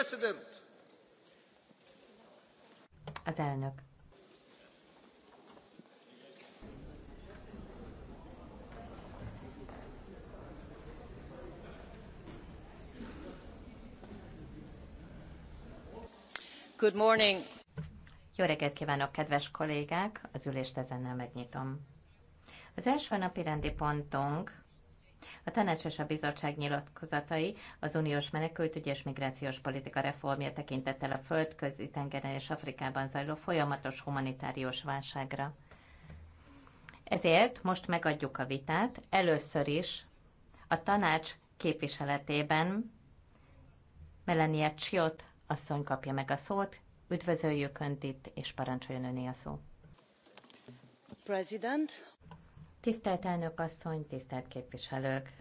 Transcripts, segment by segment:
president. Az elnök. Good morning. Jó reggelt kívánok, kedves kollégák! Az ülést ezennel megnyitom. Az első napi rendi pontunk a tanács és a bizottság nyilatkozatai az uniós menekültügyi és migrációs politika reformja tekintettel a földközi tengeren és Afrikában zajló folyamatos humanitárius válságra. Ezért most megadjuk a vitát. Először is a tanács képviseletében Melania Csiot asszony kapja meg a szót. Üdvözöljük Önt itt, és parancsoljon Öné a szó. President. Tisztelt elnök asszony, tisztelt képviselők!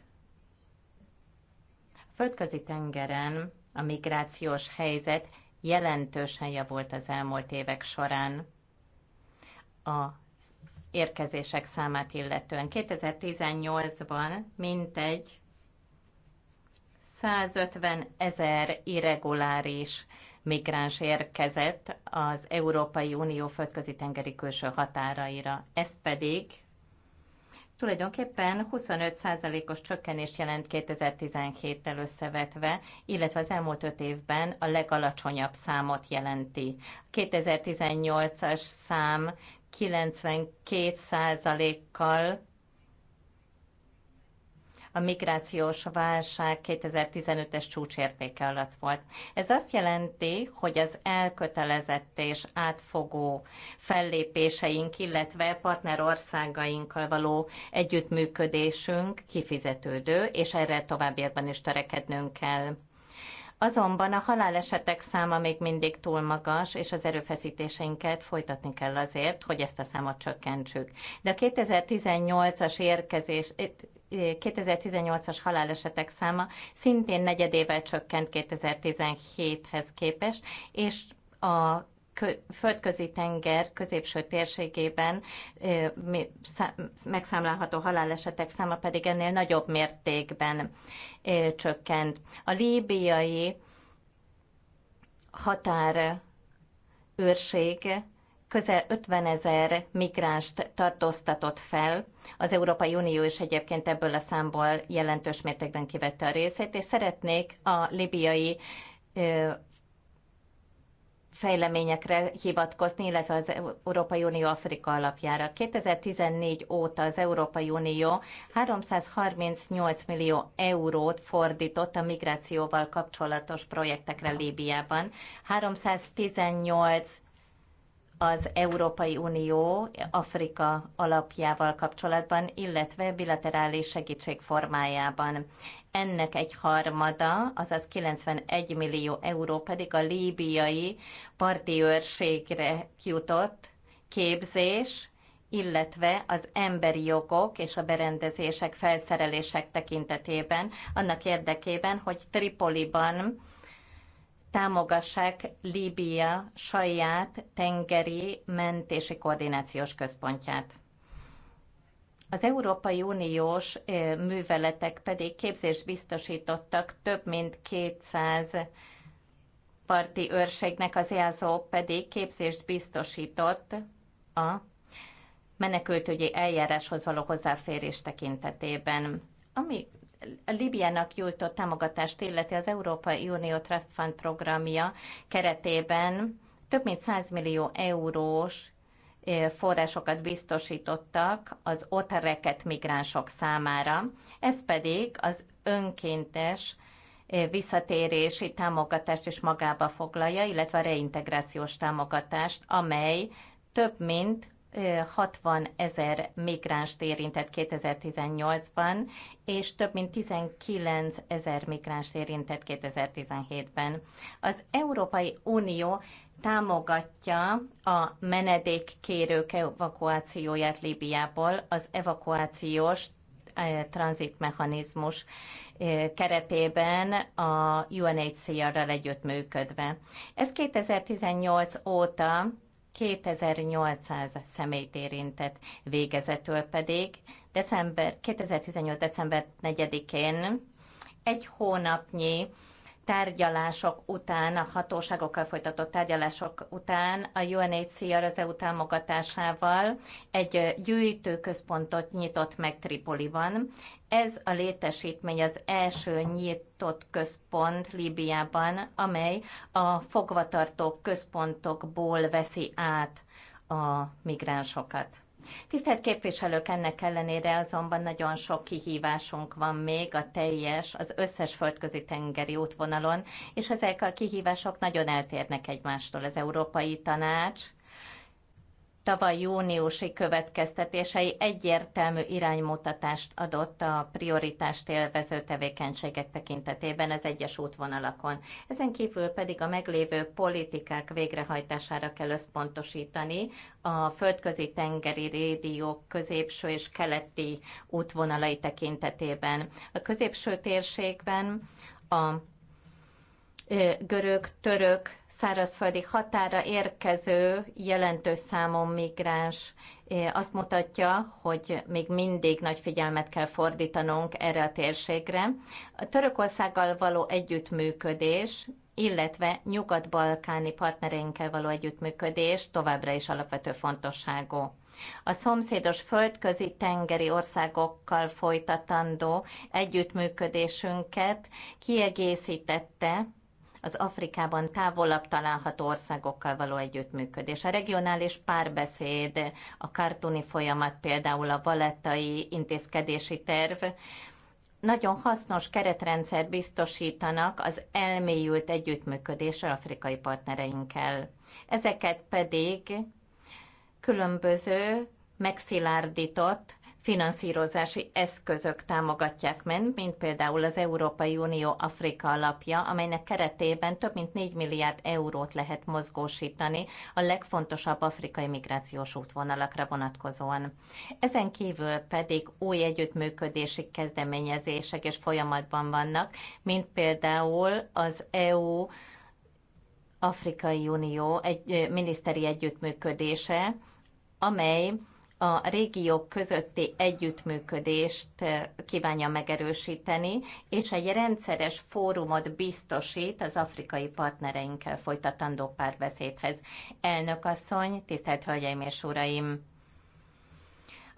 földközi tengeren a migrációs helyzet jelentősen javult az elmúlt évek során. A érkezések számát illetően. 2018-ban mintegy 150 ezer irreguláris migráns érkezett az Európai Unió földközi tengeri külső határaira. Ez pedig tulajdonképpen 25%-os csökkenést jelent 2017-tel összevetve, illetve az elmúlt 5 évben a legalacsonyabb számot jelenti. 2018-as szám 92%-kal a migrációs válság 2015-es csúcsértéke alatt volt. Ez azt jelenti, hogy az elkötelezett és átfogó fellépéseink, illetve partnerországainkkal való együttműködésünk kifizetődő, és erre továbbiakban is törekednünk kell. Azonban a halálesetek száma még mindig túl magas, és az erőfeszítéseinket folytatni kell azért, hogy ezt a számot csökkentsük. De a 2018-as érkezés, 2018-as halálesetek száma szintén negyedével csökkent 2017-hez képest, és a földközi tenger középső térségében megszámlálható halálesetek száma pedig ennél nagyobb mértékben csökkent. A líbiai határ őrség közel 50 ezer migránst tartóztatott fel. Az Európai Unió is egyébként ebből a számból jelentős mértékben kivette a részét, és szeretnék a libiai fejleményekre hivatkozni, illetve az Európai Unió Afrika alapjára. 2014 óta az Európai Unió 338 millió eurót fordított a migrációval kapcsolatos projektekre Líbiában. 318 az Európai Unió Afrika alapjával kapcsolatban, illetve bilaterális segítség formájában. Ennek egy harmada, azaz 91 millió euró pedig a líbiai parti őrségre jutott képzés, illetve az emberi jogok és a berendezések, felszerelések tekintetében, annak érdekében, hogy Tripoliban támogassák Líbia saját tengeri mentési koordinációs központját. Az Európai Uniós műveletek pedig képzést biztosítottak több mint 200 parti őrségnek, az EASO pedig képzést biztosított a menekültügyi eljáráshoz való hozzáférés tekintetében. Ami a Libyának nyújtott támogatást illeti az Európai Unió Trust Fund programja keretében több mint 100 millió eurós forrásokat biztosítottak az ott migránsok számára. Ez pedig az önkéntes visszatérési támogatást is magába foglalja, illetve a reintegrációs támogatást, amely több mint 60 ezer migránst érintett 2018-ban, és több mint 19 ezer migránst érintett 2017-ben. Az Európai Unió támogatja a menedékkérők evakuációját Líbiából, az evakuációs e, tranzitmechanizmus e, keretében a UNHCR-ral együttműködve. Ez 2018 óta 2800 személyt érintett, végezetől pedig december, 2018. december 4-én egy hónapnyi tárgyalások után, a hatóságokkal folytatott tárgyalások után a UNHCR az EU támogatásával egy gyűjtőközpontot nyitott meg Tripoliban. Ez a létesítmény az első nyitott központ Líbiában, amely a fogvatartók központokból veszi át a migránsokat. Tisztelt képviselők, ennek ellenére azonban nagyon sok kihívásunk van még a teljes, az összes földközi tengeri útvonalon, és ezek a kihívások nagyon eltérnek egymástól. Az Európai Tanács tavaly júniusi következtetései egyértelmű iránymutatást adott a prioritást élvező tevékenységek tekintetében az egyes útvonalakon. Ezen kívül pedig a meglévő politikák végrehajtására kell összpontosítani a földközi tengeri rédiók középső és keleti útvonalai tekintetében. A középső térségben a görög, török, szárazföldi határa érkező jelentős számú migráns eh, azt mutatja, hogy még mindig nagy figyelmet kell fordítanunk erre a térségre. A Törökországgal való együttműködés illetve nyugat-balkáni partnereinkkel való együttműködés továbbra is alapvető fontosságú. A szomszédos földközi tengeri országokkal folytatandó együttműködésünket kiegészítette az Afrikában távolabb található országokkal való együttműködés. A regionális párbeszéd, a kartuni folyamat, például a valettai intézkedési terv, nagyon hasznos keretrendszer biztosítanak az elmélyült együttműködésre afrikai partnereinkkel. Ezeket pedig különböző megszilárdított finanszírozási eszközök támogatják meg, mint például az Európai Unió Afrika alapja, amelynek keretében több mint 4 milliárd eurót lehet mozgósítani a legfontosabb afrikai migrációs útvonalakra vonatkozóan. Ezen kívül pedig új együttműködési kezdeményezések és folyamatban vannak, mint például az EU Afrikai Unió egy, miniszteri együttműködése, amely a régiók közötti együttműködést eh, kívánja megerősíteni, és egy rendszeres fórumot biztosít az afrikai partnereinkkel folytatandó párbeszédhez. Elnök asszony, tisztelt Hölgyeim és Uraim!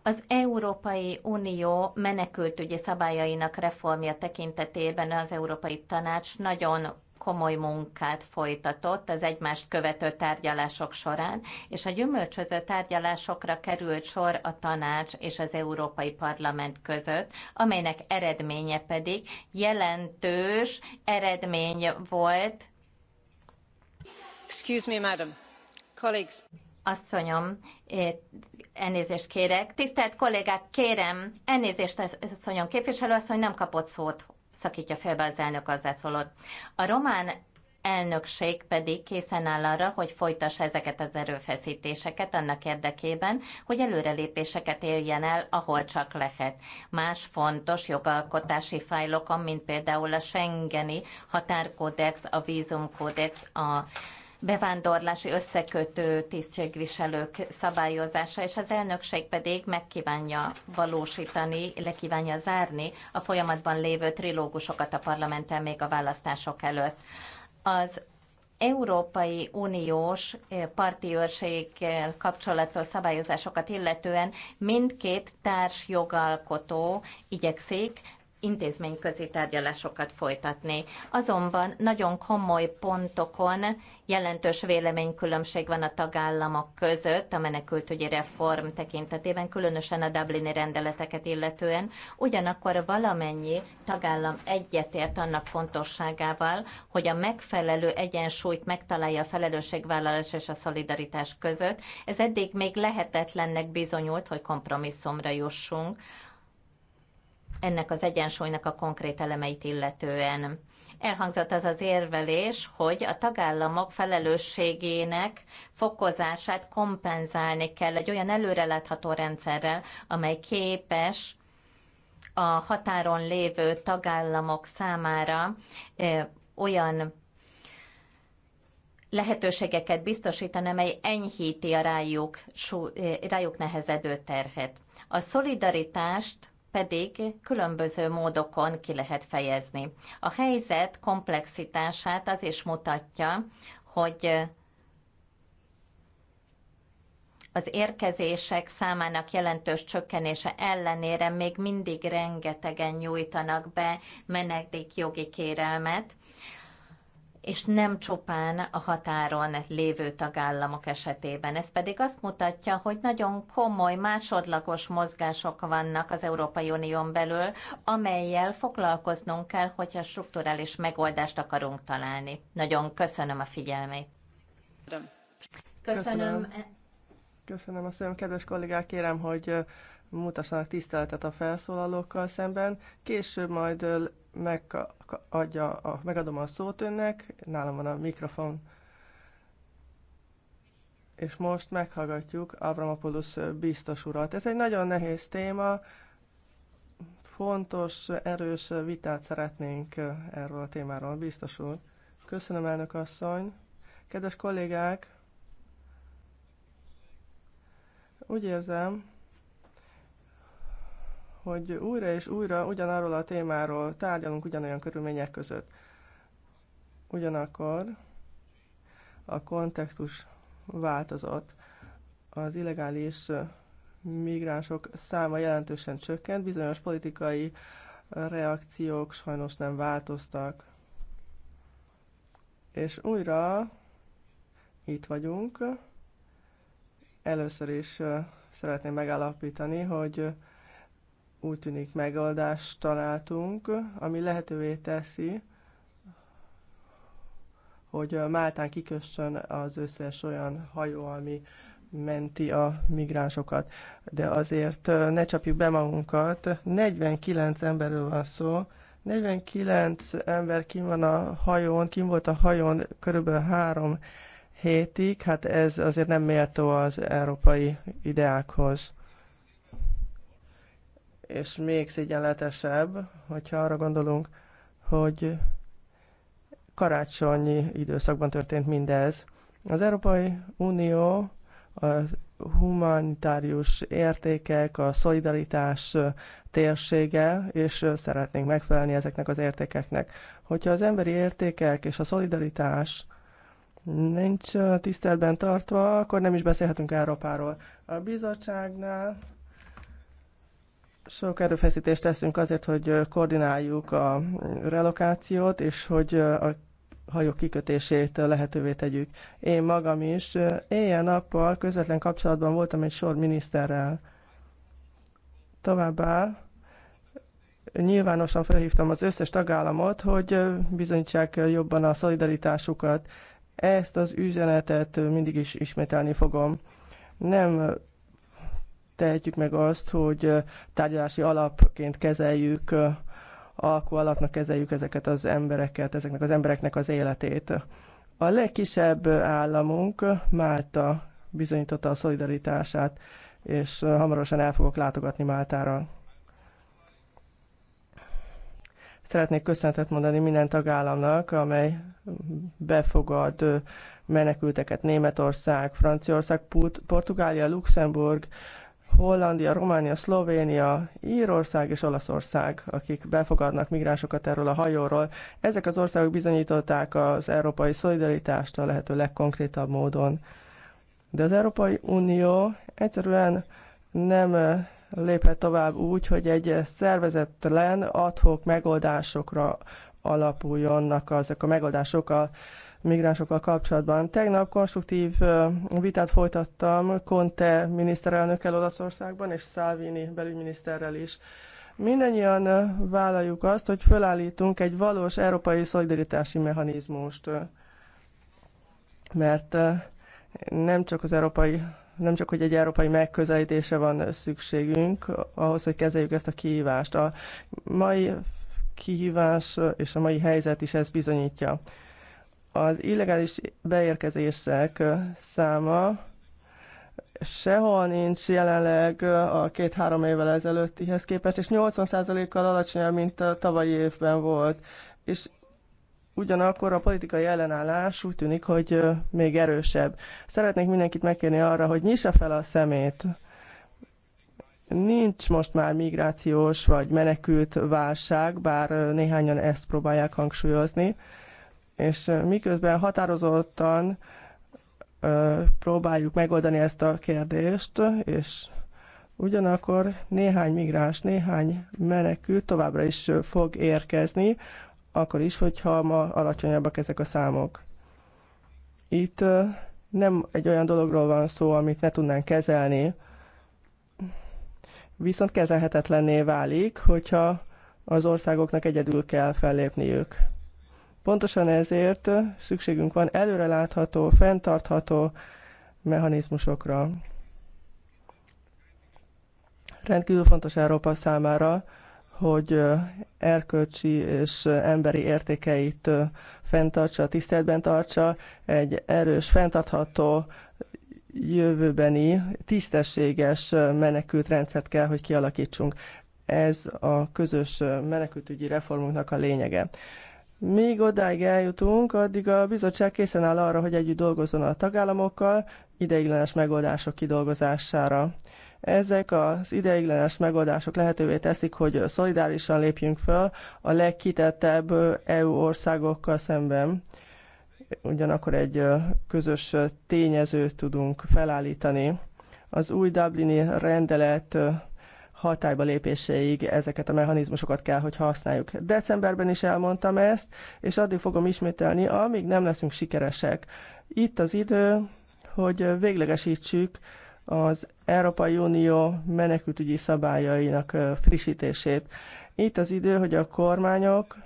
Az Európai Unió menekültügyi szabályainak reformja tekintetében az Európai Tanács nagyon komoly munkát folytatott az egymást követő tárgyalások során, és a gyümölcsöző tárgyalásokra került sor a tanács és az Európai Parlament között, amelynek eredménye pedig jelentős eredmény volt. Excuse me, madam. Colleagues. Asszonyom, eh, elnézést kérek. Tisztelt kollégák, kérem, elnézést asszonyom, képviselő asszony nem kapott szót szakítja félbe az elnök szólott. A román elnökség pedig készen áll arra, hogy folytassa ezeket az erőfeszítéseket annak érdekében, hogy előrelépéseket éljen el, ahol csak lehet. Más fontos jogalkotási fájlokon, mint például a Schengeni határkódex, a vízumkódex, a bevándorlási összekötő tisztségviselők szabályozása, és az elnökség pedig megkívánja valósítani, lekívánja zárni a folyamatban lévő trilógusokat a parlamenten még a választások előtt. Az Európai Uniós eh, parti őrséggel kapcsolatos szabályozásokat illetően mindkét társ jogalkotó igyekszik intézményközi tárgyalásokat folytatni. Azonban nagyon komoly pontokon jelentős véleménykülönbség van a tagállamok között a menekültügyi reform tekintetében, különösen a Dublini rendeleteket illetően. Ugyanakkor valamennyi tagállam egyetért annak fontosságával, hogy a megfelelő egyensúlyt megtalálja a felelősségvállalás és a szolidaritás között. Ez eddig még lehetetlennek bizonyult, hogy kompromisszumra jussunk ennek az egyensúlynak a konkrét elemeit illetően. Elhangzott az az érvelés, hogy a tagállamok felelősségének fokozását kompenzálni kell egy olyan előrelátható rendszerrel, amely képes a határon lévő tagállamok számára e, olyan lehetőségeket biztosítani, amely enyhíti a rájuk, e, rájuk nehezedő terhet. A szolidaritást pedig különböző módokon ki lehet fejezni. A helyzet komplexitását az is mutatja, hogy az érkezések számának jelentős csökkenése ellenére még mindig rengetegen nyújtanak be menedékjogi kérelmet és nem csupán a határon lévő tagállamok esetében. Ez pedig azt mutatja, hogy nagyon komoly másodlagos mozgások vannak az Európai Unión belül, amelyel foglalkoznunk kell, hogyha strukturális megoldást akarunk találni. Nagyon köszönöm a figyelmét. Köszönöm. Köszönöm. Köszönöm, azt mondjam, kedves kollégák, kérem, hogy mutassanak tiszteletet a felszólalókkal szemben. Később majd adja a, megadom a szót önnek, nálam van a mikrofon. És most meghallgatjuk Avramopoulos biztos urat. Ez egy nagyon nehéz téma, fontos, erős vitát szeretnénk erről a témáról, biztos úr. Köszönöm, elnök asszony. Kedves kollégák, úgy érzem, hogy újra és újra ugyanarról a témáról tárgyalunk ugyanolyan körülmények között. Ugyanakkor a kontextus változott. Az illegális migránsok száma jelentősen csökkent, bizonyos politikai reakciók sajnos nem változtak. És újra itt vagyunk. Először is szeretném megállapítani, hogy úgy tűnik megoldást találtunk, ami lehetővé teszi, hogy Máltán kikössön az összes olyan hajó, ami menti a migránsokat. De azért ne csapjuk be magunkat, 49 emberről van szó, 49 ember kim van a hajón, kim volt a hajón körülbelül három hétig, hát ez azért nem méltó az európai ideákhoz és még szégyenletesebb, hogyha arra gondolunk, hogy karácsonyi időszakban történt mindez. Az Európai Unió a humanitárius értékek, a szolidaritás térsége, és szeretnénk megfelelni ezeknek az értékeknek. Hogyha az emberi értékek és a szolidaritás nincs tiszteletben tartva, akkor nem is beszélhetünk Európáról. A bizottságnál sok erőfeszítést teszünk azért, hogy koordináljuk a relokációt, és hogy a hajók kikötését lehetővé tegyük. Én magam is éjjel-nappal közvetlen kapcsolatban voltam egy sor miniszterrel. Továbbá nyilvánosan felhívtam az összes tagállamot, hogy bizonyítsák jobban a szolidaritásukat. Ezt az üzenetet mindig is ismételni fogom. Nem tehetjük meg azt, hogy tárgyalási alapként kezeljük, alkú alapnak kezeljük ezeket az embereket, ezeknek az embereknek az életét. A legkisebb államunk, Málta, bizonyította a szolidaritását, és hamarosan el fogok látogatni Máltára. Szeretnék köszönetet mondani minden tagállamnak, amely befogad menekülteket Németország, Franciaország, Portugália, Luxemburg, Hollandia, Románia, Szlovénia, Írország és Olaszország, akik befogadnak migránsokat erről a hajóról. Ezek az országok bizonyították az európai szolidaritást a lehető legkonkrétabb módon. De az Európai Unió egyszerűen nem eh, léphet tovább úgy, hogy egy szervezetlen adhok megoldásokra alapuljonnak ezek a megoldások a migránsokkal kapcsolatban. Tegnap konstruktív vitát folytattam Conte miniszterelnökkel Olaszországban, és Salvini belügyminiszterrel is. Mindennyian vállaljuk azt, hogy fölállítunk egy valós európai szolidaritási mechanizmust, mert nem csak az európai nem csak, hogy egy európai megközelítése van szükségünk ahhoz, hogy kezeljük ezt a kihívást. A mai kihívás és a mai helyzet is ezt bizonyítja az illegális beérkezések száma sehol nincs jelenleg a két-három évvel ezelőttihez képest, és 80%-kal alacsonyabb, mint a tavalyi évben volt. És ugyanakkor a politikai ellenállás úgy tűnik, hogy még erősebb. Szeretnék mindenkit megkérni arra, hogy nyissa fel a szemét. Nincs most már migrációs vagy menekült válság, bár néhányan ezt próbálják hangsúlyozni és miközben határozottan próbáljuk megoldani ezt a kérdést, és ugyanakkor néhány migráns, néhány menekült továbbra is fog érkezni, akkor is, hogyha ma alacsonyabbak ezek a számok. Itt nem egy olyan dologról van szó, amit ne tudnánk kezelni, viszont kezelhetetlenné válik, hogyha az országoknak egyedül kell fellépniük. Pontosan ezért szükségünk van előrelátható, fenntartható mechanizmusokra. Rendkívül fontos Európa számára, hogy erkölcsi és emberi értékeit fenntartsa, tiszteletben tartsa, egy erős, fenntartható, jövőbeni, tisztességes menekült rendszert kell, hogy kialakítsunk. Ez a közös menekültügyi reformunknak a lényege. Míg odáig eljutunk, addig a bizottság készen áll arra, hogy együtt dolgozzon a tagállamokkal ideiglenes megoldások kidolgozására. Ezek az ideiglenes megoldások lehetővé teszik, hogy szolidárisan lépjünk föl a legkitettebb EU országokkal szemben. Ugyanakkor egy közös tényezőt tudunk felállítani. Az új Dublini rendelet hatályba lépéséig ezeket a mechanizmusokat kell, hogy használjuk. Decemberben is elmondtam ezt, és addig fogom ismételni, amíg nem leszünk sikeresek. Itt az idő, hogy véglegesítsük az Európai Unió menekültügyi szabályainak frissítését. Itt az idő, hogy a kormányok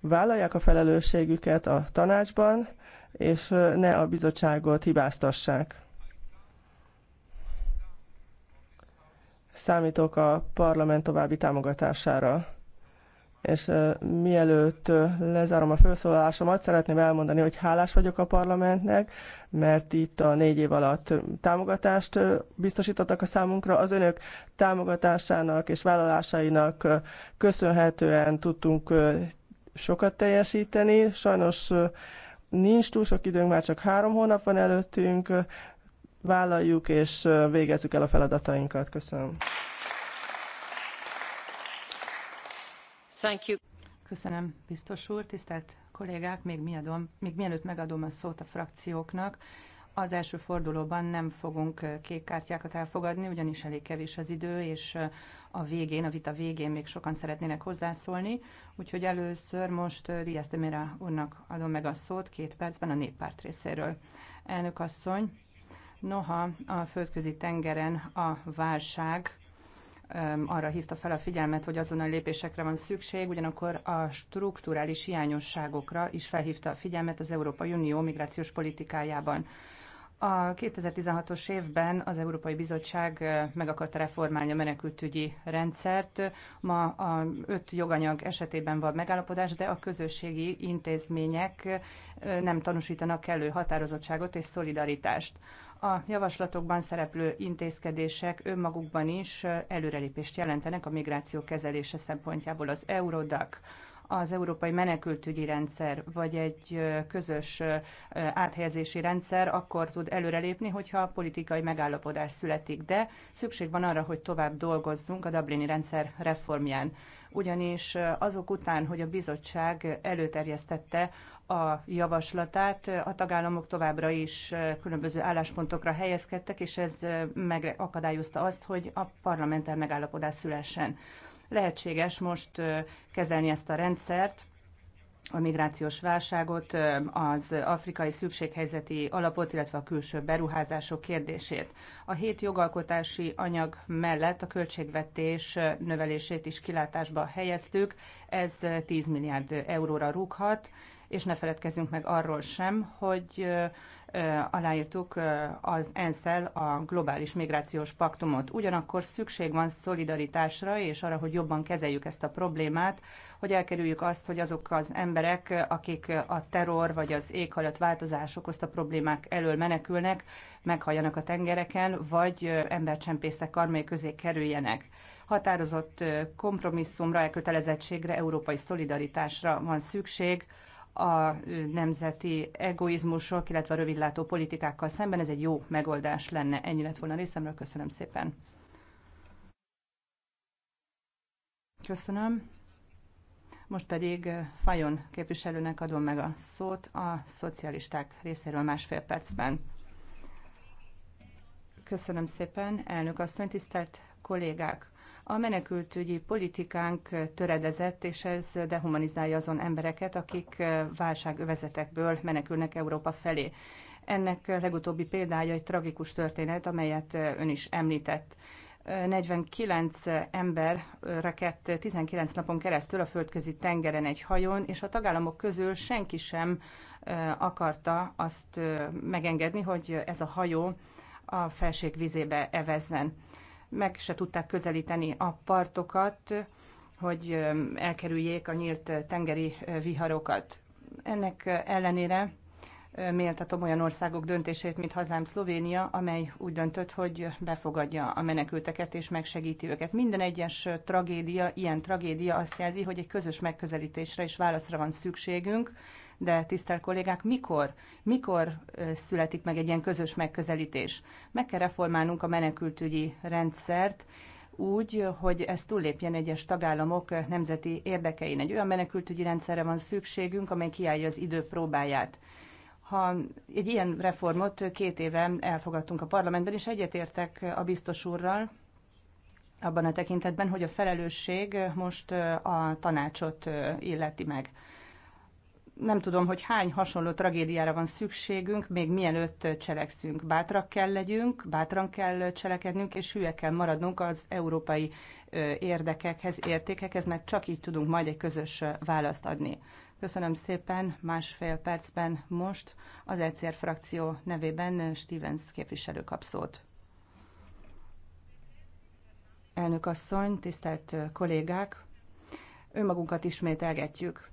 vállalják a felelősségüket a tanácsban, és ne a bizottságot hibáztassák. Számítok a parlament további támogatására. És mielőtt lezárom a felszólalásomat, szeretném elmondani, hogy hálás vagyok a parlamentnek, mert itt a négy év alatt támogatást biztosítottak a számunkra. Az önök támogatásának és vállalásainak köszönhetően tudtunk sokat teljesíteni. Sajnos nincs túl sok időnk, már csak három hónap van előttünk, vállaljuk és végezzük el a feladatainkat. Köszönöm. Thank you. Köszönöm, biztos úr. Tisztelt kollégák, még, miadom, még mielőtt megadom a szót a frakcióknak, az első fordulóban nem fogunk kék kártyákat elfogadni, ugyanis elég kevés az idő, és a végén, a vita végén még sokan szeretnének hozzászólni. Úgyhogy először most Riaz Demira úrnak adom meg a szót két percben a néppárt részéről. Elnök asszony, Noha a földközi tengeren a válság arra hívta fel a figyelmet, hogy a lépésekre van szükség, ugyanakkor a strukturális hiányosságokra is felhívta a figyelmet az Európai Unió migrációs politikájában. A 2016-os évben az Európai Bizottság meg akarta reformálni a menekültügyi rendszert. Ma a öt joganyag esetében van megállapodás, de a közösségi intézmények nem tanúsítanak elő határozottságot és szolidaritást a javaslatokban szereplő intézkedések önmagukban is előrelépést jelentenek a migráció kezelése szempontjából. Az Eurodac, az Európai Menekültügyi Rendszer, vagy egy közös áthelyezési rendszer akkor tud előrelépni, hogyha politikai megállapodás születik, de szükség van arra, hogy tovább dolgozzunk a Dublini rendszer reformján ugyanis azok után, hogy a bizottság előterjesztette a javaslatát. A tagállamok továbbra is különböző álláspontokra helyezkedtek, és ez megakadályozta azt, hogy a parlamenter megállapodás szülessen. Lehetséges most kezelni ezt a rendszert, a migrációs válságot, az afrikai szükséghelyzeti alapot, illetve a külső beruházások kérdését. A hét jogalkotási anyag mellett a költségvetés növelését is kilátásba helyeztük, ez 10 milliárd euróra rúghat, és ne feledkezzünk meg arról sem, hogy aláírtuk az ensz a globális migrációs paktumot. Ugyanakkor szükség van szolidaritásra és arra, hogy jobban kezeljük ezt a problémát, hogy elkerüljük azt, hogy azok az emberek, akik a terror vagy az változás okozta problémák elől menekülnek, meghalljanak a tengereken, vagy embercsempészek karmai közé kerüljenek határozott kompromisszumra, elkötelezettségre, európai szolidaritásra van szükség, a nemzeti egoizmusok, illetve a rövidlátó politikákkal szemben ez egy jó megoldás lenne. Ennyi lett volna részemről. Köszönöm szépen. Köszönöm. Most pedig eh, Fajon képviselőnek adom meg a szót a szocialisták részéről másfél percben. Köszönöm szépen, elnök asszony, tisztelt kollégák! A menekültügyi politikánk töredezett, és ez dehumanizálja azon embereket, akik válságövezetekből menekülnek Európa felé. Ennek legutóbbi példája egy tragikus történet, amelyet ön is említett. 49 ember rakett 19 napon keresztül a földközi tengeren egy hajón, és a tagállamok közül senki sem akarta azt megengedni, hogy ez a hajó a felség vizébe evezzen meg se tudták közelíteni a partokat, hogy elkerüljék a nyílt tengeri viharokat. Ennek ellenére méltatom olyan országok döntését, mint hazám Szlovénia, amely úgy döntött, hogy befogadja a menekülteket és megsegíti őket. Minden egyes tragédia, ilyen tragédia azt jelzi, hogy egy közös megközelítésre és válaszra van szükségünk, de tisztelt kollégák, mikor, mikor születik meg egy ilyen közös megközelítés? Meg kell reformálnunk a menekültügyi rendszert, úgy, hogy ez túllépjen egyes tagállamok nemzeti érdekein. Egy olyan menekültügyi rendszerre van szükségünk, amely kiállja az idő próbáját. Ha egy ilyen reformot két éve elfogadtunk a parlamentben, és egyetértek a biztos úrral, abban a tekintetben, hogy a felelősség most a tanácsot illeti meg nem tudom, hogy hány hasonló tragédiára van szükségünk, még mielőtt cselekszünk. Bátrak kell legyünk, bátran kell cselekednünk, és hülyek kell maradnunk az európai érdekekhez, értékekhez, mert csak így tudunk majd egy közös választ adni. Köszönöm szépen, másfél percben most az ECR frakció nevében Stevens képviselő kap szót. Elnök asszony, tisztelt kollégák! Önmagunkat ismételgetjük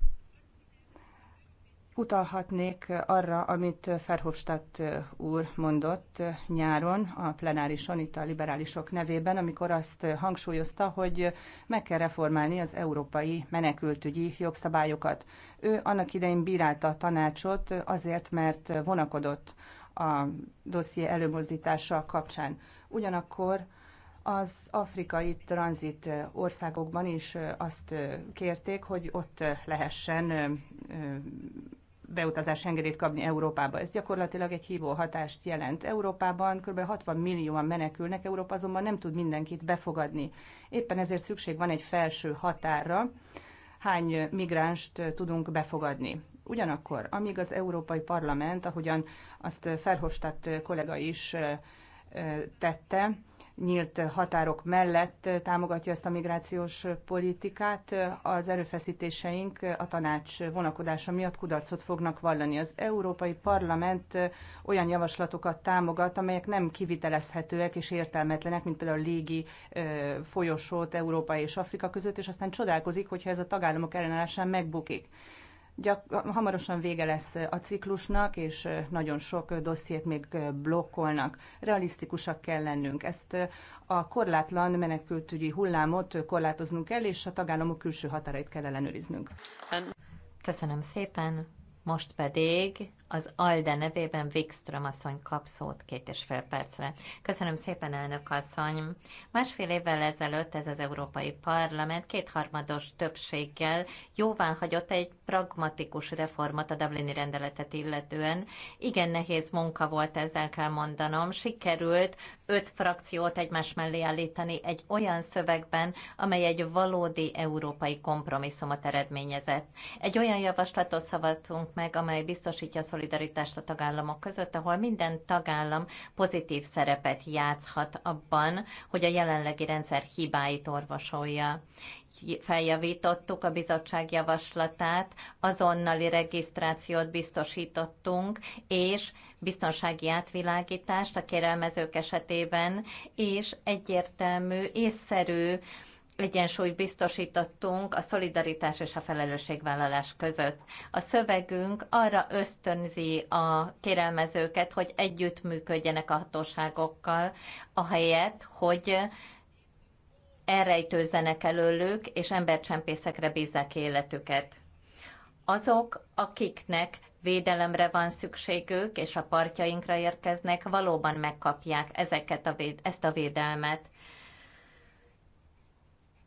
Utalhatnék arra, amit Ferhofstadt úr mondott nyáron a plenárison, itt a liberálisok nevében, amikor azt hangsúlyozta, hogy meg kell reformálni az európai menekültügyi jogszabályokat. Ő annak idején bírálta a tanácsot azért, mert vonakodott a dosszié előmozdítása kapcsán. Ugyanakkor az afrikai tranzit országokban is azt kérték, hogy ott lehessen beutazás engedélyt kapni Európába. Ez gyakorlatilag egy hívó hatást jelent. Európában kb. 60 millióan menekülnek, Európa azonban nem tud mindenkit befogadni. Éppen ezért szükség van egy felső határra, hány migránst tudunk befogadni. Ugyanakkor, amíg az Európai Parlament, ahogyan azt Ferhofstadt kollega is tette, nyílt határok mellett támogatja ezt a migrációs politikát. Az erőfeszítéseink a tanács vonakodása miatt kudarcot fognak vallani. Az Európai Parlament olyan javaslatokat támogat, amelyek nem kivitelezhetőek és értelmetlenek, mint például a légi folyosót Európa és Afrika között, és aztán csodálkozik, hogyha ez a tagállamok ellenállásán megbukik. Gyak, hamarosan vége lesz a ciklusnak, és nagyon sok dossziét még blokkolnak. Realisztikusak kell lennünk. Ezt a korlátlan menekültügyi hullámot korlátoznunk kell, és a tagállamok külső határait kell ellenőriznünk. Köszönöm szépen. Most pedig az ALDE nevében Wikström asszony kap szót két és fél percre. Köszönöm szépen, elnök asszony. Másfél évvel ezelőtt ez az Európai Parlament kétharmados többséggel jóvá hagyott egy pragmatikus reformot a Dublini rendeletet illetően. Igen nehéz munka volt, ezzel kell mondanom. Sikerült öt frakciót egymás mellé állítani egy olyan szövegben, amely egy valódi európai kompromisszumot eredményezett. Egy olyan javaslatot szavaztunk meg, amely biztosítja a szolidaritást a tagállamok között, ahol minden tagállam pozitív szerepet játszhat abban, hogy a jelenlegi rendszer hibáit orvosolja feljavítottuk a bizottság javaslatát, azonnali regisztrációt biztosítottunk, és biztonsági átvilágítást a kérelmezők esetében, és egyértelmű, észszerű egyensúlyt biztosítottunk a szolidaritás és a felelősségvállalás között. A szövegünk arra ösztönzi a kérelmezőket, hogy együttműködjenek a hatóságokkal, ahelyett, hogy elrejtőzzenek előlük, és embercsempészekre bízzák életüket. Azok, akiknek védelemre van szükségük, és a partjainkra érkeznek, valóban megkapják ezeket a véd, ezt a védelmet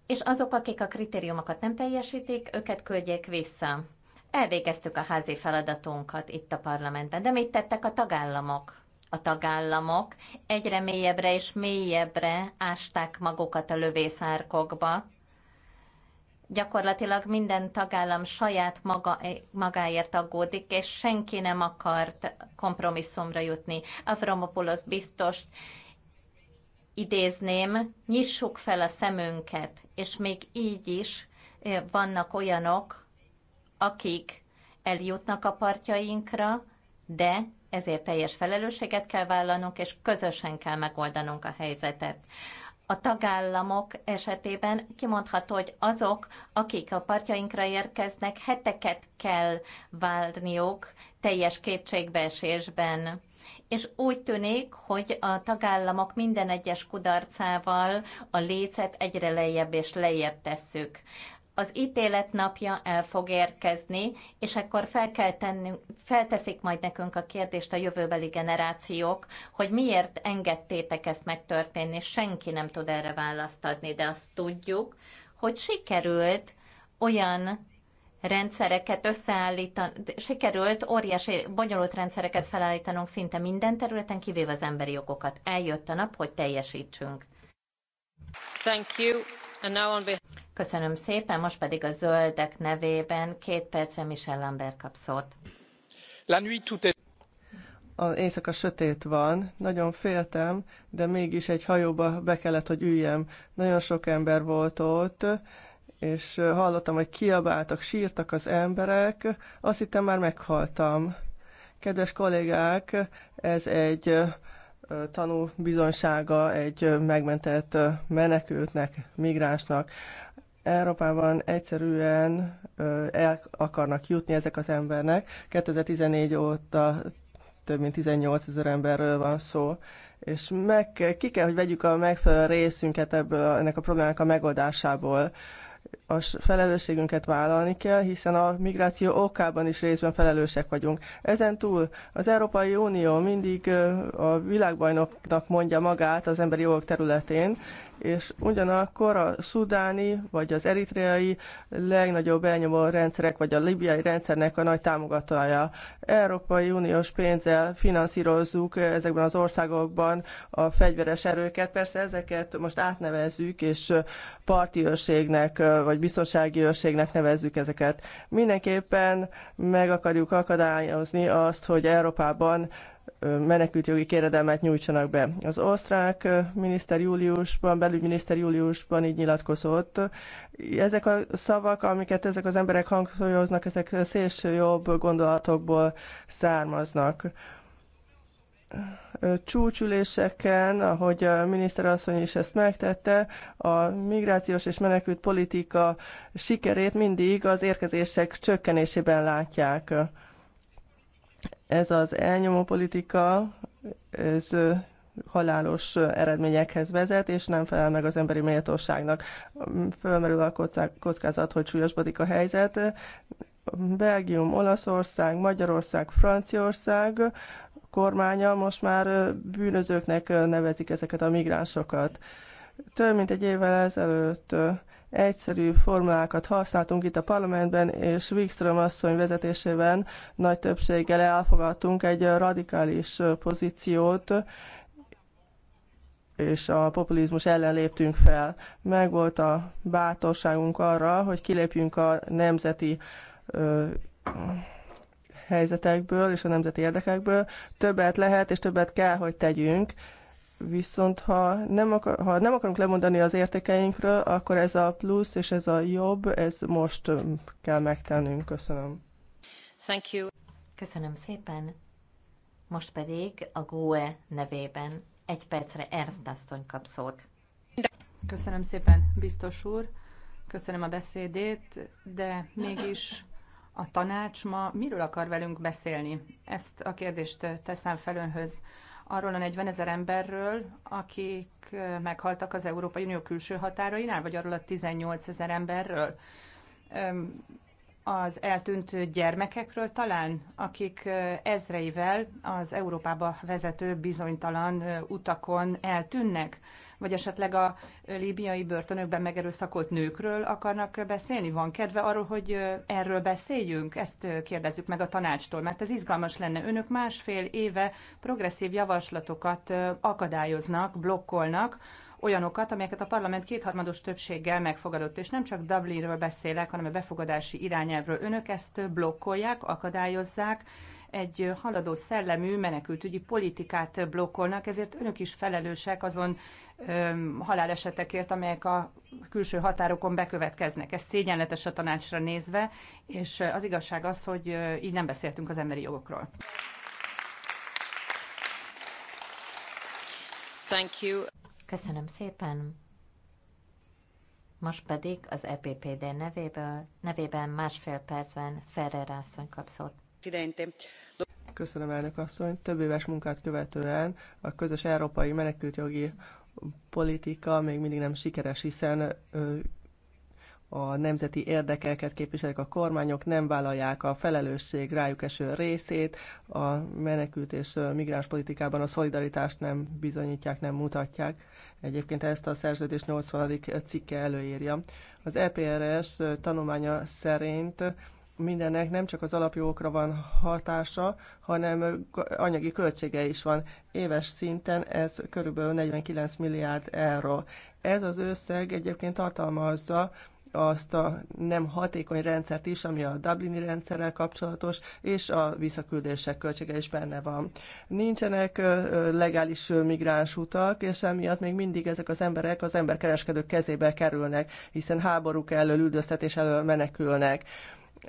és azok, akik a kritériumokat nem teljesítik, őket küldjék vissza. Elvégeztük a házi feladatunkat itt a parlamentben, de mit tettek a tagállamok? A tagállamok egyre mélyebbre és mélyebbre ásták magukat a lövészárkokba, gyakorlatilag minden tagállam saját maga, magáért aggódik, és senki nem akart kompromisszumra jutni. Avramopoulos biztos idézném, nyissuk fel a szemünket, és még így is vannak olyanok, akik eljutnak a partjainkra, de ezért teljes felelősséget kell vállalnunk, és közösen kell megoldanunk a helyzetet. A tagállamok esetében kimondható, hogy azok, akik a partjainkra érkeznek, heteket kell válniuk teljes kétségbeesésben és úgy tűnik, hogy a tagállamok minden egyes kudarcával a lécet egyre lejjebb és lejjebb tesszük az ítélet napja el fog érkezni, és akkor fel kell tennünk, felteszik majd nekünk a kérdést a jövőbeli generációk, hogy miért engedtétek ezt megtörténni, senki nem tud erre választ adni, de azt tudjuk, hogy sikerült olyan rendszereket összeállítani, sikerült óriási, bonyolult rendszereket felállítanunk szinte minden területen, kivéve az emberi jogokat. Eljött a nap, hogy teljesítsünk. Thank you. And now on Köszönöm szépen, most pedig a zöldek nevében két perce Michel Lambert kap szót. La nuit tout est... Az éjszaka sötét van, nagyon féltem, de mégis egy hajóba be kellett, hogy üljem. Nagyon sok ember volt ott, és hallottam, hogy kiabáltak, sírtak az emberek, azt hittem már meghaltam. Kedves kollégák, ez egy tanú bizonsága egy megmentett menekültnek, migránsnak. Európában egyszerűen el akarnak jutni ezek az embernek. 2014 óta több mint 18 ezer emberről van szó, és meg, ki kell, hogy vegyük a megfelelő részünket ebből, ennek a problémának a megoldásából a felelősségünket vállalni kell, hiszen a migráció okában is részben felelősek vagyunk. Ezen túl az Európai Unió mindig a világbajnoknak mondja magát az emberi jogok területén, és ugyanakkor a szudáni vagy az eritreai legnagyobb elnyomó rendszerek, vagy a libiai rendszernek a nagy támogatója. Európai Uniós pénzzel finanszírozzuk ezekben az országokban a fegyveres erőket. Persze ezeket most átnevezzük, és parti őrségnek, vagy biztonsági őrségnek nevezzük ezeket. Mindenképpen meg akarjuk akadályozni azt, hogy Európában menekültjogi kéredelmet nyújtsanak be. Az osztrák miniszter júliusban, belügyminiszter júliusban így nyilatkozott. Ezek a szavak, amiket ezek az emberek hangsúlyoznak, ezek szélső jobb gondolatokból származnak. Csúcsüléseken, ahogy a miniszterasszony is ezt megtette, a migrációs és menekült politika sikerét mindig az érkezések csökkenésében látják. Ez az elnyomó politika, ez halálos eredményekhez vezet, és nem felel meg az emberi méltóságnak. Fölmerül a kockázat, hogy súlyosbodik a helyzet. Belgium, Olaszország, Magyarország, Franciaország kormánya most már bűnözőknek nevezik ezeket a migránsokat. Több mint egy évvel ezelőtt Egyszerű formulákat használtunk itt a parlamentben, és Wikström asszony vezetésében nagy többséggel elfogadtunk egy radikális pozíciót, és a populizmus ellen léptünk fel. Megvolt a bátorságunk arra, hogy kilépjünk a nemzeti ö, helyzetekből és a nemzeti érdekekből. Többet lehet és többet kell, hogy tegyünk, Viszont ha nem, akar, ha nem akarunk lemondani az értékeinkről, akkor ez a plusz és ez a jobb, ez most um, kell megtennünk. Köszönöm. Thank you. Köszönöm szépen. Most pedig a GUE nevében egy percre Ernst asszony kap szót. Köszönöm szépen, biztos úr. Köszönöm a beszédét, de mégis a tanács ma miről akar velünk beszélni? Ezt a kérdést teszem fel önhöz arról a 40 ezer emberről, akik meghaltak az Európai Unió külső határainál, vagy arról a 18 ezer emberről? Az eltűnt gyermekekről talán, akik ezreivel az Európába vezető bizonytalan utakon eltűnnek? vagy esetleg a líbiai börtönökben megerőszakolt nőkről akarnak beszélni? Van kedve arról, hogy erről beszéljünk? Ezt kérdezzük meg a tanácstól, mert ez izgalmas lenne. Önök másfél éve progresszív javaslatokat akadályoznak, blokkolnak, olyanokat, amelyeket a parlament kétharmados többséggel megfogadott. És nem csak Dublinről beszélek, hanem a befogadási irányelvről. Önök ezt blokkolják, akadályozzák, egy haladó szellemű menekültügyi politikát blokkolnak, ezért önök is felelősek azon halálesetekért, amelyek a külső határokon bekövetkeznek. Ez szégyenletes a tanácsra nézve, és az igazság az, hogy így nem beszéltünk az emberi jogokról. Thank you. Köszönöm szépen. Most pedig az EPPD nevéből, nevében másfél percben Ferrer asszony kap szót. Köszönöm, elnök asszony. Több éves munkát követően a közös európai menekültjogi politika még mindig nem sikeres, hiszen a nemzeti érdekeket képviselik a kormányok, nem vállalják a felelősség rájuk eső részét, a menekült és migráns politikában a szolidaritást nem bizonyítják, nem mutatják. Egyébként ezt a szerződés 80. cikke előírja. Az EPRS tanulmánya szerint mindennek nem csak az alapjogokra van hatása, hanem anyagi költsége is van. Éves szinten ez körülbelül 49 milliárd euró. Ez az összeg egyébként tartalmazza azt a nem hatékony rendszert is, ami a Dublini rendszerrel kapcsolatos, és a visszaküldések költsége is benne van. Nincsenek legális migráns utak, és emiatt még mindig ezek az emberek az emberkereskedők kezébe kerülnek, hiszen háborúk elől, üldöztetés elől menekülnek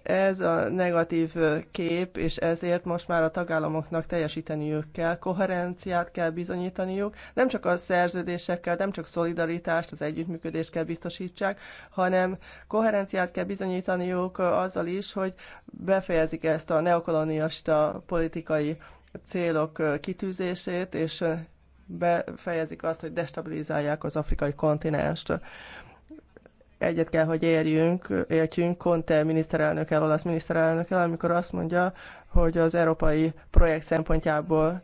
ez a negatív kép, és ezért most már a tagállamoknak teljesíteniük kell, koherenciát kell bizonyítaniuk, nem csak a szerződésekkel, nem csak szolidaritást, az együttműködést kell biztosítsák, hanem koherenciát kell bizonyítaniuk azzal is, hogy befejezik ezt a neokolonialista politikai célok kitűzését, és befejezik azt, hogy destabilizálják az afrikai kontinenst egyet kell, hogy érjünk, értjünk Conte miniszterelnökkel, olasz miniszterelnökkel, amikor azt mondja, hogy az európai projekt szempontjából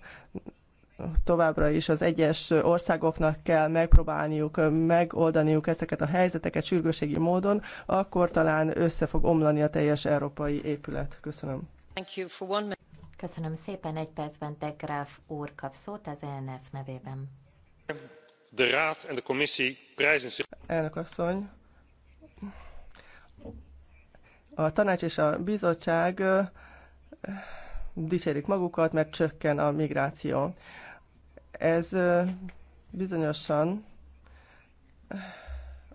továbbra is az egyes országoknak kell megpróbálniuk, megoldaniuk ezeket a helyzeteket sürgőségi módon, akkor talán össze fog omlani a teljes európai épület. Köszönöm. Köszönöm szépen, egy percben de Graf úr kap szót az ENF nevében. De Raad en de Commissie prijzen Elnök asszony, a tanács és a bizottság dicsérik magukat, mert csökken a migráció. Ez bizonyosan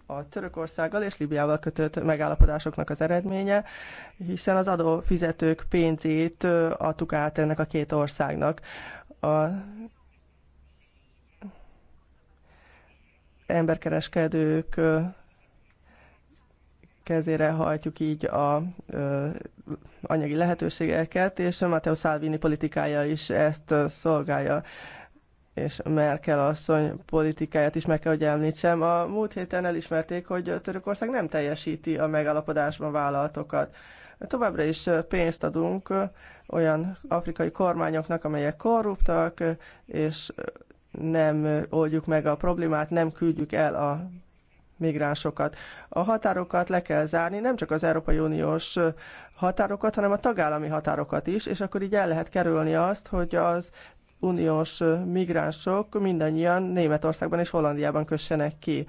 a Törökországgal és Libiával kötött megállapodásoknak az eredménye, hiszen az adófizetők pénzét adtuk át ennek a két országnak. A emberkereskedők kezére hajtjuk így a ö, anyagi lehetőségeket, és Matteo Salvini politikája is ezt szolgálja és Merkel asszony politikáját is meg kell, hogy említsem. A múlt héten elismerték, hogy Törökország nem teljesíti a megalapodásban vállalatokat. Továbbra is pénzt adunk olyan afrikai kormányoknak, amelyek korruptak, és nem oldjuk meg a problémát, nem küldjük el a migránsokat. A határokat le kell zárni, nem csak az Európai Uniós határokat, hanem a tagállami határokat is, és akkor így el lehet kerülni azt, hogy az uniós migránsok mindannyian Németországban és Hollandiában kössenek ki.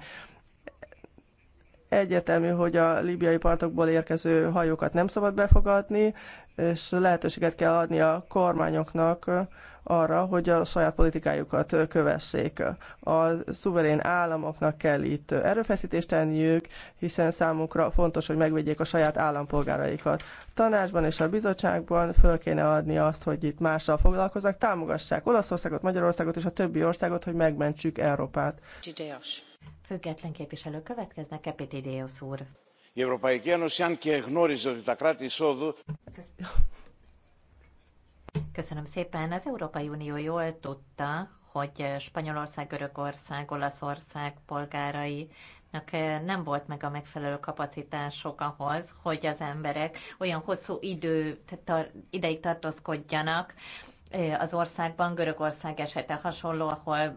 Egyértelmű, hogy a libiai partokból érkező hajókat nem szabad befogadni, és lehetőséget kell adni a kormányoknak arra, hogy a saját politikájukat kövessék. A szuverén államoknak kell itt erőfeszítést tenniük, hiszen számukra fontos, hogy megvédjék a saját állampolgáraikat. Tanácsban és a bizottságban föl kéne adni azt, hogy itt mással foglalkoznak, támogassák Olaszországot, Magyarországot és a többi országot, hogy megmentsük Európát. Gideos. Független képviselő következnek, Déos úr. Európai Ευρωπαϊκή Ένωση, αν και γνώριζε ότι τα κράτη εισόδου... Köszönöm szépen. Az Európai Unió jól tudta, hogy Spanyolország, Görögország, Olaszország polgárai eh, nem volt meg a megfelelő kapacitások ahhoz, hogy az emberek olyan hosszú idő, tar, ideig tartózkodjanak eh, az országban. Görögország esete hasonló, ahol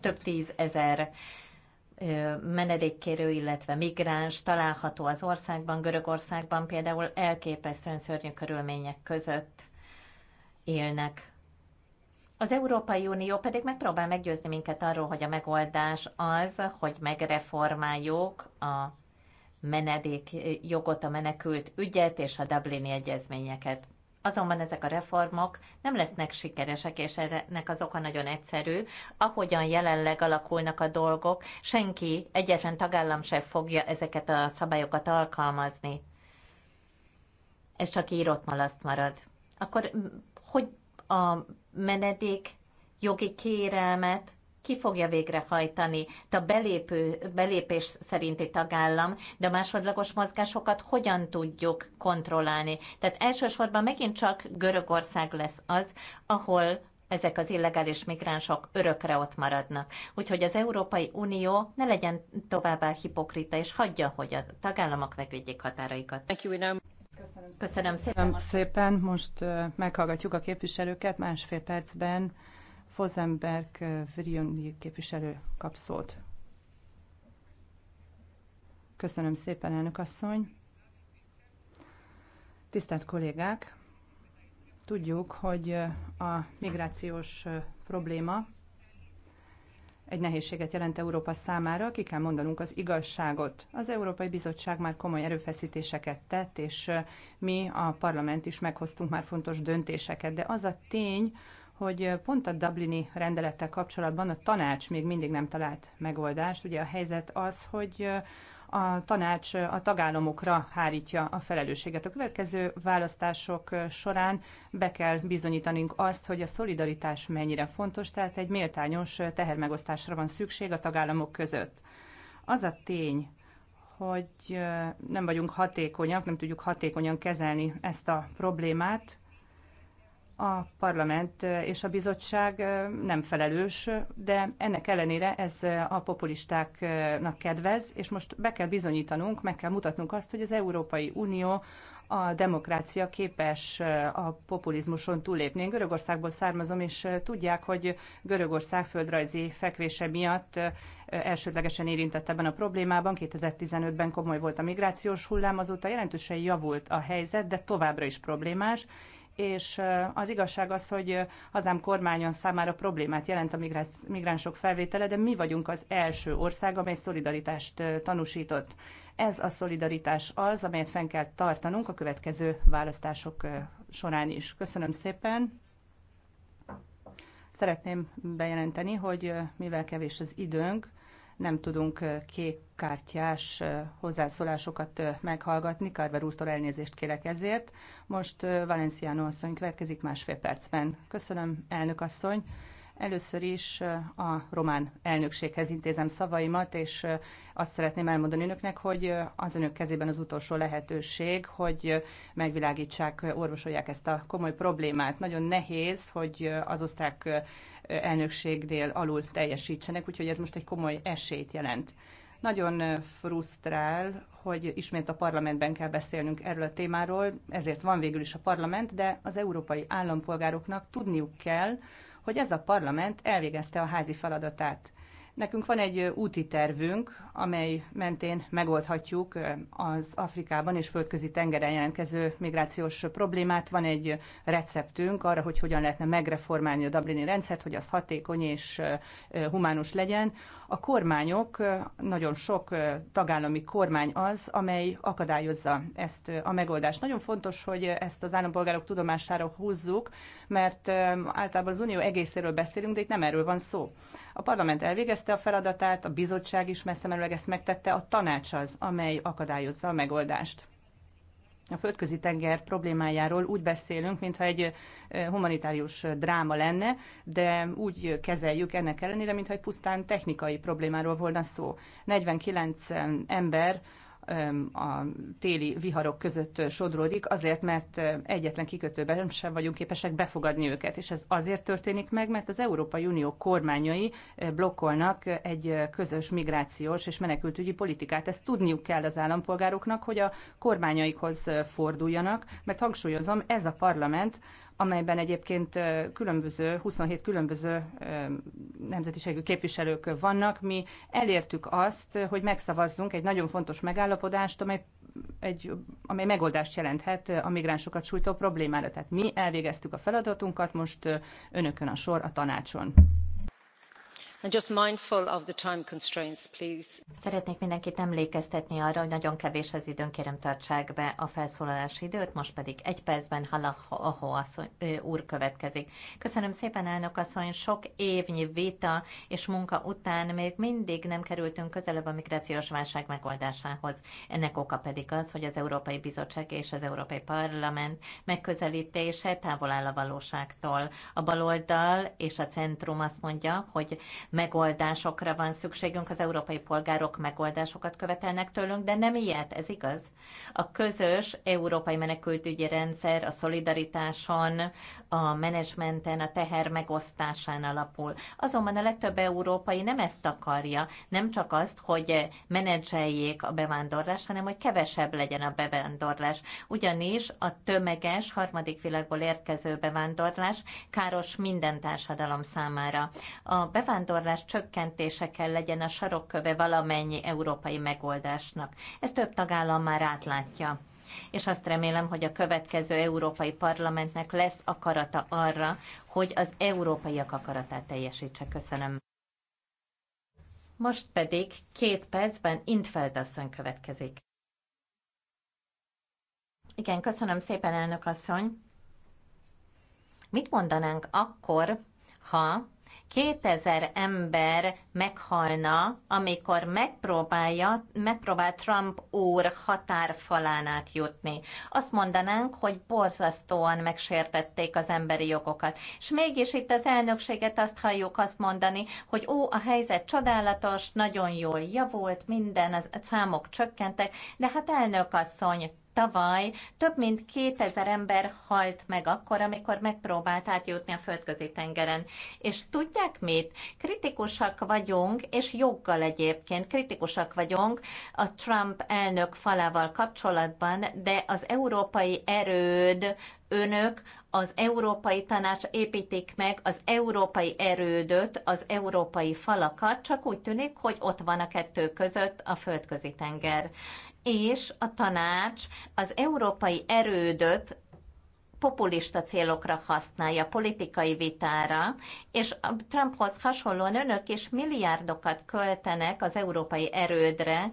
több tízezer menedékkérő, illetve migráns található az országban, Görögországban például elképesztően szörnyű körülmények között élnek. Az Európai Unió pedig megpróbál meggyőzni minket arról, hogy a megoldás az, hogy megreformáljuk a menedék jogot a menekült ügyet és a Dublini egyezményeket. Azonban ezek a reformok nem lesznek sikeresek, és ennek az oka nagyon egyszerű. Ahogyan jelenleg alakulnak a dolgok, senki, egyetlen tagállam sem fogja ezeket a szabályokat alkalmazni. Ez csak írott malaszt marad. Akkor hogy a menedék jogi kérelmet ki fogja végrehajtani a belépő, belépés szerinti tagállam, de a másodlagos mozgásokat hogyan tudjuk kontrollálni. Tehát elsősorban megint csak Görögország lesz az, ahol ezek az illegális migránsok örökre ott maradnak. Úgyhogy az Európai Unió ne legyen továbbá hipokrita, és hagyja, hogy a tagállamok megvédjék határaikat. Köszönöm szépen. Köszönöm szépen. szépen. Most meghallgatjuk a képviselőket másfél percben. Fozenberg eh, Virioni képviselő kap szót. Köszönöm szépen, elnök asszony. Tisztelt kollégák, tudjuk, hogy eh, a migrációs eh, probléma egy nehézséget jelent Európa számára, ki kell mondanunk az igazságot. Az Európai Bizottság már komoly erőfeszítéseket tett, és mi a parlament is meghoztunk már fontos döntéseket, de az a tény, hogy pont a Dublini rendelettel kapcsolatban a tanács még mindig nem talált megoldást. Ugye a helyzet az, hogy a tanács a tagállamokra hárítja a felelősséget. A következő választások során be kell bizonyítanunk azt, hogy a szolidaritás mennyire fontos, tehát egy méltányos tehermegosztásra van szükség a tagállamok között. Az a tény, hogy nem vagyunk hatékonyak, nem tudjuk hatékonyan kezelni ezt a problémát, a parlament és a bizottság nem felelős, de ennek ellenére ez a populistáknak kedvez, és most be kell bizonyítanunk, meg kell mutatnunk azt, hogy az Európai Unió a demokrácia képes a populizmuson túllépni. Én Görögországból származom, és tudják, hogy Görögország földrajzi fekvése miatt elsődlegesen érintett ebben a problémában. 2015-ben komoly volt a migrációs hullám, azóta jelentősen javult a helyzet, de továbbra is problémás, és az igazság az, hogy hazám kormányon számára problémát jelent a migránsok felvétele, de mi vagyunk az első ország, amely szolidaritást tanúsított. Ez a szolidaritás az, amelyet fenn kell tartanunk a következő választások során is. Köszönöm szépen! Szeretném bejelenteni, hogy mivel kevés az időnk, nem tudunk kék kártyás hozzászólásokat meghallgatni. Karver úrtól elnézést kérek ezért. Most Valenciano asszony következik másfél percben. Köszönöm, elnök asszony. Először is a román elnökséghez intézem szavaimat, és azt szeretném elmondani önöknek, hogy az önök kezében az utolsó lehetőség, hogy megvilágítsák, orvosolják ezt a komoly problémát. Nagyon nehéz, hogy az osztrák elnökségnél alul teljesítsenek, úgyhogy ez most egy komoly esélyt jelent. Nagyon frusztrál, hogy ismét a parlamentben kell beszélnünk erről a témáról, ezért van végül is a parlament, de az európai állampolgároknak tudniuk kell, hogy ez a parlament elvégezte a házi feladatát. Nekünk van egy úti tervünk, amely mentén megoldhatjuk az Afrikában és földközi tengeren jelentkező migrációs problémát. Van egy receptünk arra, hogy hogyan lehetne megreformálni a Dublini rendszert, hogy az hatékony és humánus legyen. A kormányok, nagyon sok tagállami kormány az, amely akadályozza ezt a megoldást. Nagyon fontos, hogy ezt az állampolgárok tudomására húzzuk, mert általában az Unió egészéről beszélünk, de itt nem erről van szó. A parlament elvégezte a feladatát, a bizottság is messze ezt megtette, a tanács az, amely akadályozza a megoldást a földközi tenger problémájáról úgy beszélünk, mintha egy humanitárius dráma lenne, de úgy kezeljük ennek ellenére, mintha egy pusztán technikai problémáról volna szó. 49 ember a téli viharok között sodródik, azért, mert egyetlen kikötőben sem vagyunk képesek befogadni őket. És ez azért történik meg, mert az Európai Unió kormányai eh, blokkolnak egy eh, közös migrációs és menekültügyi politikát. Ezt tudniuk kell az állampolgároknak, hogy a kormányaikhoz eh, forduljanak, mert hangsúlyozom, ez a parlament amelyben egyébként különböző, 27 különböző nemzetiségű képviselők vannak. Mi elértük azt, hogy megszavazzunk egy nagyon fontos megállapodást, amely, egy, amely megoldást jelenthet a migránsokat sújtó problémára. Tehát mi elvégeztük a feladatunkat, most önökön a sor a tanácson. Just mindful of the time constraints, please. Szeretnék mindenkit emlékeztetni arra, hogy nagyon kevés az időn, kérem tartsák be a felszólalási időt, most pedig egy percben Halaho asszony, úr következik. Köszönöm szépen, elnök asszony, sok évnyi vita és munka után még mindig nem kerültünk közelebb a migrációs válság megoldásához. Ennek oka pedig az, hogy az Európai Bizottság és az Európai Parlament megközelítése távol áll a valóságtól. A baloldal és a centrum azt mondja, hogy megoldásokra van szükségünk, az európai polgárok megoldásokat követelnek tőlünk, de nem ilyet, ez igaz. A közös európai menekültügyi rendszer a szolidaritáson, a menedzsmenten, a teher megosztásán alapul. Azonban a legtöbb európai nem ezt akarja, nem csak azt, hogy menedzseljék a bevándorlás, hanem hogy kevesebb legyen a bevándorlás. Ugyanis a tömeges, harmadik világból érkező bevándorlás káros minden társadalom számára. A bevándorlás erőforrás csökkentése kell legyen a sarokköve valamennyi európai megoldásnak. Ezt több tagállam már átlátja és azt remélem, hogy a következő Európai Parlamentnek lesz akarata arra, hogy az európaiak akaratát teljesítse. Köszönöm. Most pedig két percben Intfeld asszony következik. Igen, köszönöm szépen, elnök asszony. Mit mondanánk akkor, ha 2000 ember meghalna, amikor megpróbálja, megpróbál Trump úr határfalán átjutni. Azt mondanánk, hogy borzasztóan megsértették az emberi jogokat. És mégis itt az elnökséget azt halljuk azt mondani, hogy ó, a helyzet csodálatos, nagyon jól javult, minden, a számok csökkentek, de hát elnök asszony, Tavaly több mint 2000 ember halt meg akkor, amikor megpróbált átjutni a földközi tengeren. És tudják mit? Kritikusak vagyunk, és joggal egyébként kritikusak vagyunk a Trump elnök falával kapcsolatban, de az európai erőd önök az Európai Tanács építik meg az európai erődöt, az európai falakat, csak úgy tűnik, hogy ott van a kettő között a földközi tenger és a tanács az európai erődöt populista célokra használja, politikai vitára, és a Trumphoz hasonlóan önök is milliárdokat költenek az európai erődre,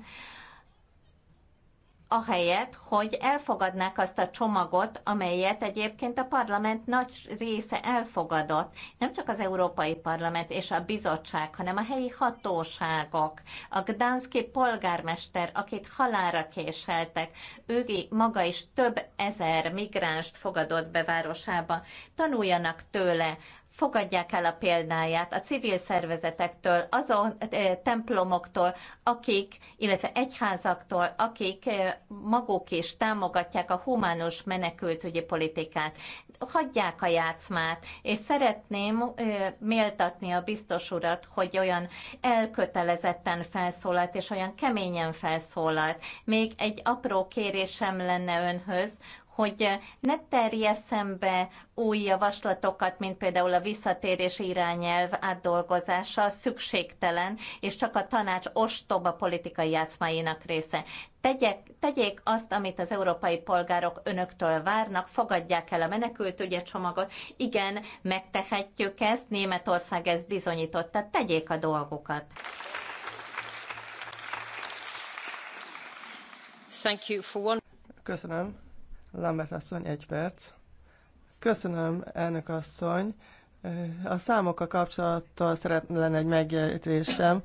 ahelyett, hogy elfogadnák azt a csomagot, amelyet egyébként a parlament nagy része elfogadott. Nem csak az Európai Parlament és a bizottság, hanem a helyi hatóságok, a Gdanszki polgármester, akit halára késeltek, ő maga is több ezer migránst fogadott be városába. Tanuljanak tőle, fogadják el a példáját a civil szervezetektől, azon eh, templomoktól, akik, illetve egyházaktól, akik eh, maguk is támogatják a humánus menekültügyi politikát. Hagyják a játszmát, és szeretném eh, méltatni a biztos urat, hogy olyan elkötelezetten felszólalt, és olyan keményen felszólalt. Még egy apró kérésem lenne önhöz, hogy ne terjesszen be új javaslatokat, mint például a visszatérés irányelv átdolgozása szükségtelen, és csak a tanács ostoba politikai játszmáinak része. Tegyek, tegyék azt, amit az európai polgárok önöktől várnak, fogadják el a menekültügyi csomagot. Igen, megtehetjük ezt, Németország ezt bizonyította, tegyék a dolgokat. Thank you for one... Köszönöm. Lambert asszony, egy perc. Köszönöm, elnök asszony. A számokkal kapcsolattal szeretne egy megjegyzésem.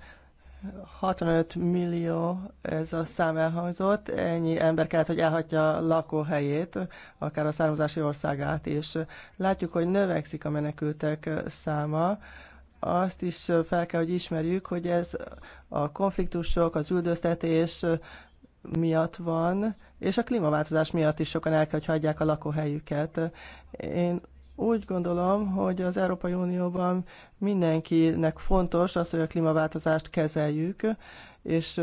65 millió ez a szám elhangzott, ennyi ember kellett, hogy elhagyja lakóhelyét, akár a származási országát is. Látjuk, hogy növekszik a menekültek száma. Azt is fel kell, hogy ismerjük, hogy ez a konfliktusok, az üldöztetés, miatt van, és a klímaváltozás miatt is sokan el kell, hogy hagyják a lakóhelyüket. Én úgy gondolom, hogy az Európai Unióban mindenkinek fontos az, hogy a klímaváltozást kezeljük, és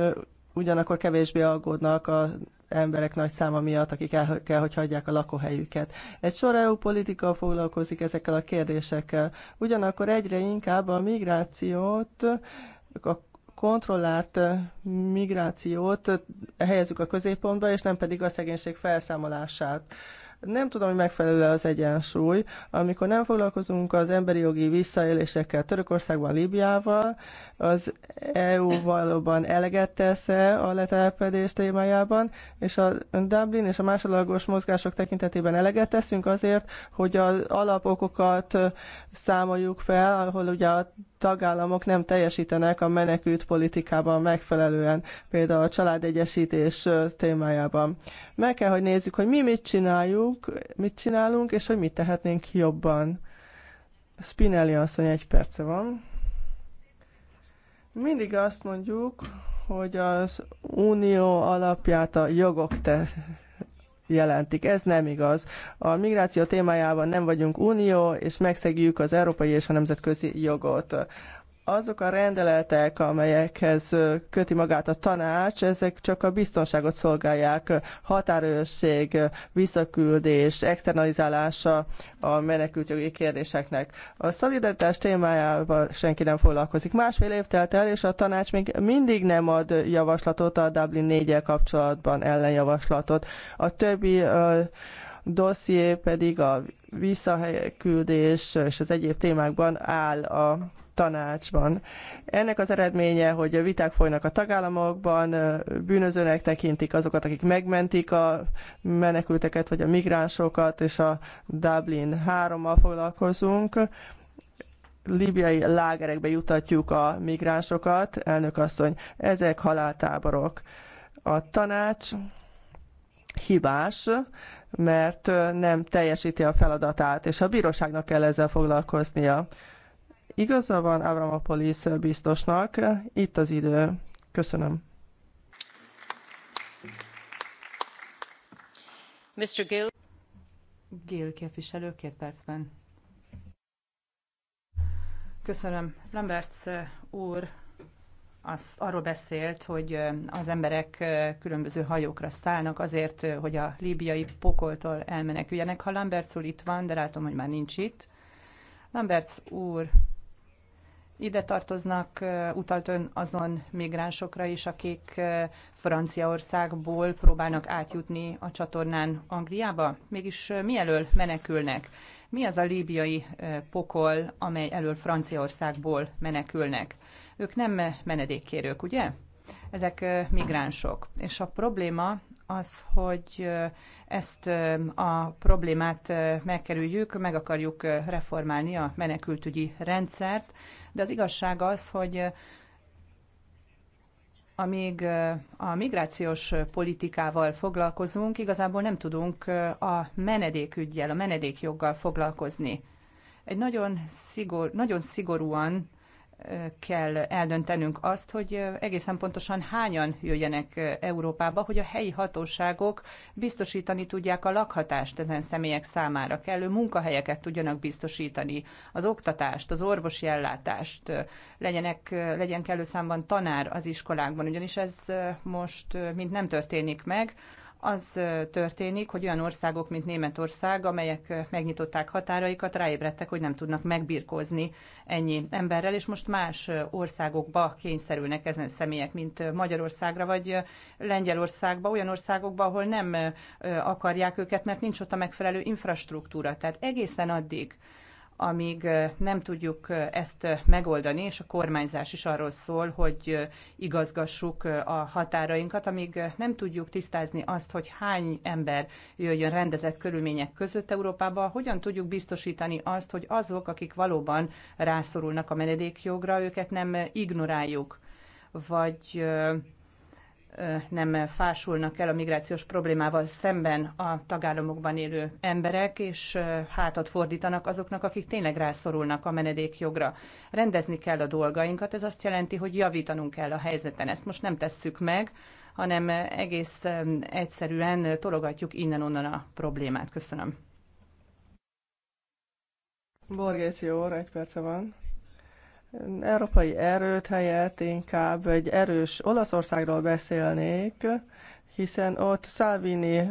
ugyanakkor kevésbé aggódnak a emberek nagy száma miatt, akik el kell, hogy hagyják a lakóhelyüket. Egy sor EU politika foglalkozik ezekkel a kérdésekkel. Ugyanakkor egyre inkább a migrációt a kontrollált migrációt helyezzük a középpontba, és nem pedig a szegénység felszámolását. Nem tudom, hogy megfelelő az egyensúly, amikor nem foglalkozunk az emberi jogi visszaélésekkel Törökországban, Líbiával, az EU valóban eleget tesz -e a letelepedés témájában, és a Dublin és a másodlagos mozgások tekintetében eleget teszünk azért, hogy az alapokokat számoljuk fel, ahol ugye a tagállamok nem teljesítenek a menekült politikában megfelelően, például a családegyesítés témájában. Meg kell, hogy nézzük, hogy mi mit csináljuk, mit csinálunk, és hogy mit tehetnénk jobban. Spinelli asszony, egy perce van. Mindig azt mondjuk, hogy az unió alapját a jogok te jelentik. Ez nem igaz. A migráció témájában nem vagyunk unió, és megszegjük az európai és a nemzetközi jogot azok a rendeletek, amelyekhez köti magát a tanács, ezek csak a biztonságot szolgálják, határőrség, visszaküldés, externalizálása a jogi kérdéseknek. A szolidaritás témájával senki nem foglalkozik. Másfél év telt el, és a tanács még mindig nem ad javaslatot a Dublin 4 kapcsolatban ellenjavaslatot. A többi dosszié pedig a visszaküldés, és az egyéb témákban áll a tanácsban. Ennek az eredménye, hogy a viták folynak a tagállamokban, bűnözőnek tekintik azokat, akik megmentik a menekülteket vagy a migránsokat, és a Dublin 3-mal foglalkozunk. Libiai lágerekbe jutatjuk a migránsokat, elnök asszony, ezek haláltáborok. A tanács hibás, mert nem teljesíti a feladatát, és a bíróságnak kell ezzel foglalkoznia. Igaza van Avramopolis biztosnak, itt az idő. Köszönöm. Mr. Gill. Gill képviselő, két percben. Köszönöm. Lamberts úr az, arról beszélt, hogy az emberek különböző hajókra szállnak azért, hogy a líbiai pokoltól elmeneküljenek. Ha Lamberts úr itt van, de látom, hogy már nincs itt. Lamberts úr ide tartoznak, utalt ön azon migránsokra is, akik Franciaországból próbálnak átjutni a csatornán Angliába. Mégis mi elől menekülnek? Mi az a líbiai pokol, amely elől Franciaországból menekülnek? Ők nem menedékkérők, ugye? Ezek migránsok. És a probléma az, hogy ezt a problémát megkerüljük, meg akarjuk reformálni a menekültügyi rendszert, de az igazság az, hogy amíg a migrációs politikával foglalkozunk, igazából nem tudunk a menedékügyjel, a menedékjoggal foglalkozni. Egy nagyon, szigor, nagyon szigorúan kell eldöntenünk azt, hogy egészen pontosan hányan jöjjenek Európába, hogy a helyi hatóságok biztosítani tudják a lakhatást ezen személyek számára, kellő munkahelyeket tudjanak biztosítani, az oktatást, az orvosi ellátást, legyenek, legyen kellő számban tanár az iskolákban, ugyanis ez most mind nem történik meg, az történik, hogy olyan országok, mint Németország, amelyek megnyitották határaikat, ráébredtek, hogy nem tudnak megbirkózni ennyi emberrel, és most más országokba kényszerülnek ezen személyek, mint Magyarországra vagy Lengyelországba, olyan országokba, ahol nem akarják őket, mert nincs ott a megfelelő infrastruktúra. Tehát egészen addig, amíg nem tudjuk ezt megoldani, és a kormányzás is arról szól, hogy igazgassuk a határainkat, amíg nem tudjuk tisztázni azt, hogy hány ember jöjjön rendezett körülmények között Európába, hogyan tudjuk biztosítani azt, hogy azok, akik valóban rászorulnak a menedékjogra, őket nem ignoráljuk, vagy nem fásulnak el a migrációs problémával szemben a tagállamokban élő emberek, és hátat fordítanak azoknak, akik tényleg rászorulnak a menedékjogra. Rendezni kell a dolgainkat, ez azt jelenti, hogy javítanunk kell a helyzeten. Ezt most nem tesszük meg, hanem egész egyszerűen tologatjuk innen-onnan a problémát. Köszönöm. Borgéci óra, egy perce van európai erőt helyett inkább egy erős Olaszországról beszélnék, hiszen ott Salvini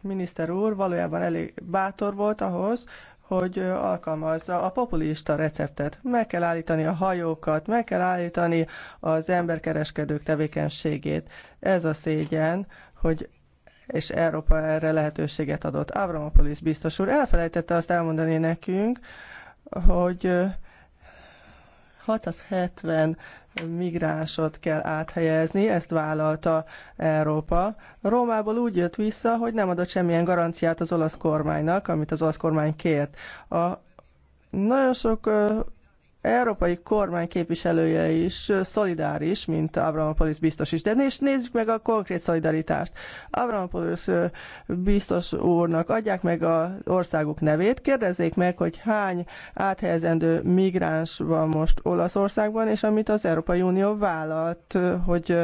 miniszter úr valójában elég bátor volt ahhoz, hogy alkalmazza a populista receptet. Meg kell állítani a hajókat, meg kell állítani az emberkereskedők tevékenységét. Ez a szégyen, hogy és Európa erre lehetőséget adott. Avramopolis biztos úr elfelejtette azt elmondani nekünk, hogy 670 migránsot kell áthelyezni, ezt vállalta Európa. Rómából úgy jött vissza, hogy nem adott semmilyen garanciát az olasz kormánynak, amit az olasz kormány kért. A nagyon sok európai kormány képviselője is szolidáris, mint Avramopoulos biztos is. De nézzük meg a konkrét szolidaritást. Avramopoulos biztos úrnak adják meg az országuk nevét, kérdezzék meg, hogy hány áthelyezendő migráns van most Olaszországban, és amit az Európai Unió vállalt, hogy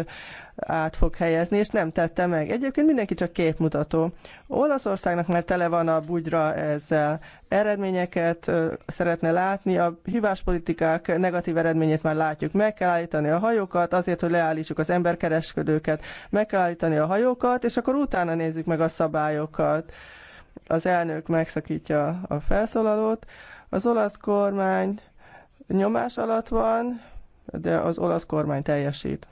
át fog helyezni, és nem tette meg. Egyébként mindenki csak képmutató. Olaszországnak már tele van a bugyra ezzel. Eredményeket szeretne látni, a hibás politikák negatív eredményét már látjuk. Meg kell állítani a hajókat azért, hogy leállítsuk az emberkereskedőket. Meg kell állítani a hajókat, és akkor utána nézzük meg a szabályokat. Az elnök megszakítja a felszólalót. Az olasz kormány nyomás alatt van, de az olasz kormány teljesít.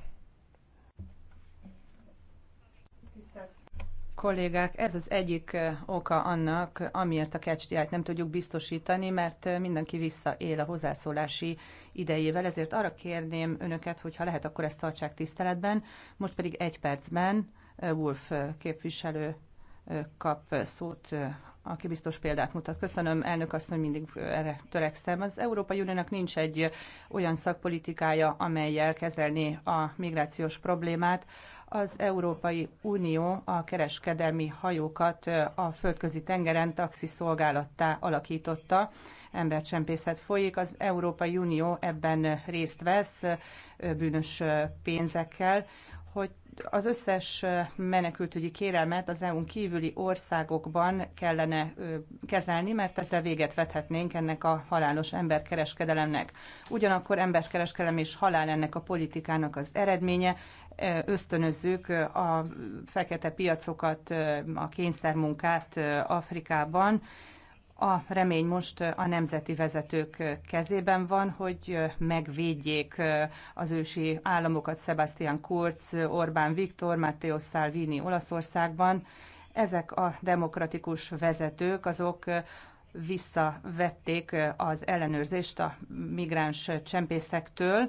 Kollégák, ez az egyik oka annak, amiért a kecsdiát nem tudjuk biztosítani, mert mindenki visszaél a hozzászólási idejével, ezért arra kérném önöket, hogy ha lehet, akkor ezt tartsák tiszteletben. Most pedig egy percben Wolf képviselő kap szót, aki biztos példát mutat. Köszönöm, elnök asszony, mindig erre törekszem. Az Európai Uniónak nincs egy olyan szakpolitikája, amelyel kezelni a migrációs problémát, az Európai Unió a kereskedelmi hajókat a földközi tengeren taxiszolgálattá alakította. Embercsempészet folyik, az Európai Unió ebben részt vesz bűnös pénzekkel, hogy az összes menekültügyi kérelmet az EU-n kívüli országokban kellene kezelni, mert ezzel véget vethetnénk ennek a halálos emberkereskedelemnek. Ugyanakkor emberkereskedelem és halál ennek a politikának az eredménye, ösztönözzük a fekete piacokat, a kényszermunkát Afrikában. A remény most a nemzeti vezetők kezében van, hogy megvédjék az ősi államokat Sebastian Kurz, Orbán Viktor, Matteo Salvini Olaszországban. Ezek a demokratikus vezetők, azok visszavették az ellenőrzést a migráns csempészektől,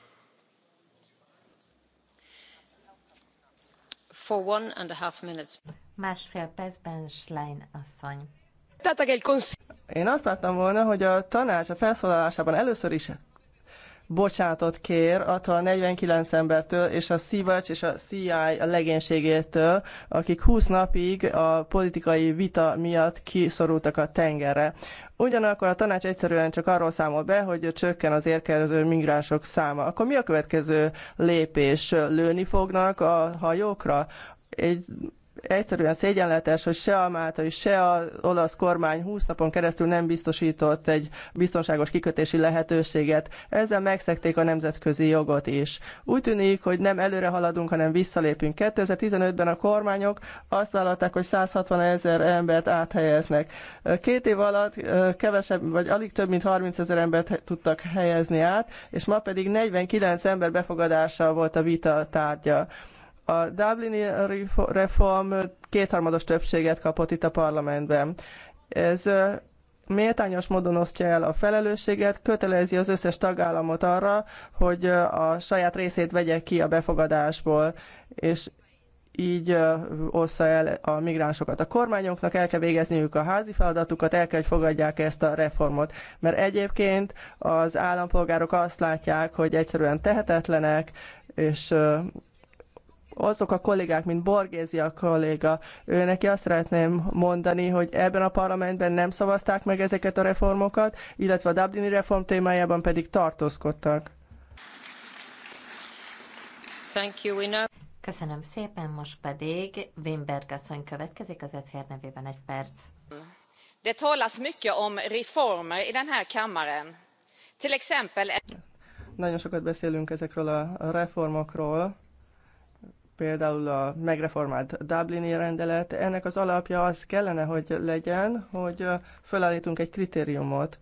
For one and a half Én azt vártam volna, hogy a tanács a felszólalásában először is bocsánatot kér attól a 49 embertől és a Szivacs és a CI a legénységétől, akik 20 napig a politikai vita miatt kiszorultak a tengerre. Ugyanakkor a tanács egyszerűen csak arról számol be, hogy csökken az érkező migránsok száma. Akkor mi a következő lépés? Lőni fognak a hajókra? Egy egyszerűen szégyenletes, hogy se a Máltai, se az olasz kormány 20 napon keresztül nem biztosított egy biztonságos kikötési lehetőséget. Ezzel megszekték a nemzetközi jogot is. Úgy tűnik, hogy nem előre haladunk, hanem visszalépünk. 2015-ben a kormányok azt vállalták, hogy 160 ezer embert áthelyeznek. Két év alatt kevesebb, vagy alig több mint 30 ezer embert tudtak helyezni át, és ma pedig 49 ember befogadása volt a vita tárgya. A Dublini reform kétharmados többséget kapott itt a parlamentben. Ez méltányos módon osztja el a felelősséget, kötelezi az összes tagállamot arra, hogy a saját részét vegye ki a befogadásból, és így ossza el a migránsokat. A kormányoknak el kell végezniük a házi feladatukat, el kell, hogy fogadják ezt a reformot, mert egyébként az állampolgárok azt látják, hogy egyszerűen tehetetlenek, és azok a kollégák, mint a kolléga, ő neki azt szeretném mondani, hogy ebben a parlamentben nem szavazták meg ezeket a reformokat, illetve a Dublini reform témájában pedig tartózkodtak. Thank you. Köszönöm szépen, most pedig Wimberg asszony következik az ECR nevében egy perc. Det talas mycket om reformer i den här kammaren. Till exempel... Nagyon sokat beszélünk ezekről a reformokról, például a megreformált Dublini rendelet, ennek az alapja az kellene, hogy legyen, hogy felállítunk egy kritériumot,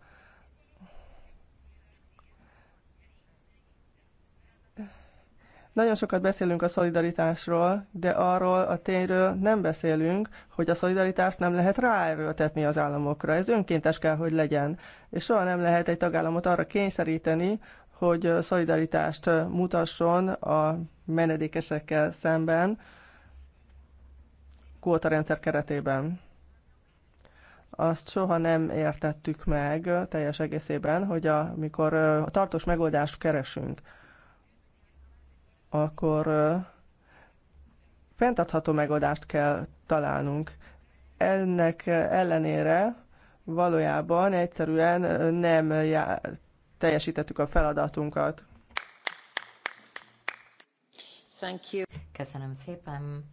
Nagyon sokat beszélünk a szolidaritásról, de arról a tényről nem beszélünk, hogy a szolidaritást nem lehet ráerőltetni az államokra. Ez önkéntes kell, hogy legyen. És soha nem lehet egy tagállamot arra kényszeríteni, hogy szolidaritást mutasson a menedékesekkel szemben rendszer keretében. Azt soha nem értettük meg teljes egészében, hogy amikor a tartós megoldást keresünk, akkor fenntartható megoldást kell találnunk. Ennek ellenére valójában egyszerűen nem já- teljesítettük a feladatunkat. Thank you. Köszönöm szépen.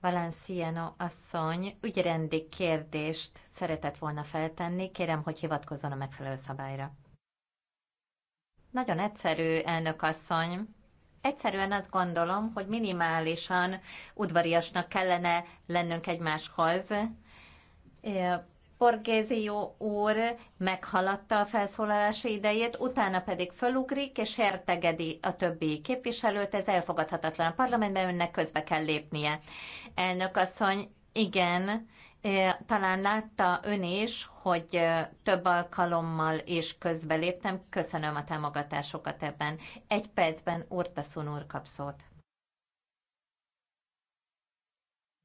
Valenciano asszony ügyrendi kérdést szeretett volna feltenni. Kérem, hogy hivatkozzon a megfelelő szabályra. Nagyon egyszerű, elnök asszony. Egyszerűen azt gondolom, hogy minimálisan udvariasnak kellene lennünk egymáshoz. Borgézió úr meghaladta a felszólalási idejét, utána pedig fölugrik és értegedi a többi képviselőt, ez elfogadhatatlan a parlamentben, önnek közbe kell lépnie. Elnök asszony, igen, eh, talán látta ön is, hogy eh, több alkalommal és közbeléptem. Köszönöm a támogatásokat ebben. Egy percben Urtaszun úr kap szót.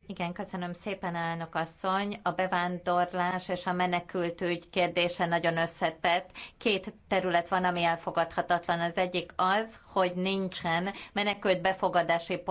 Igen, köszönöm szépen, elnök asszony. A bevándorlás és a menekültügy kérdése nagyon összetett. Két terület van, ami elfogadhatatlan. Az egyik az, hogy nincsen menekült befogadási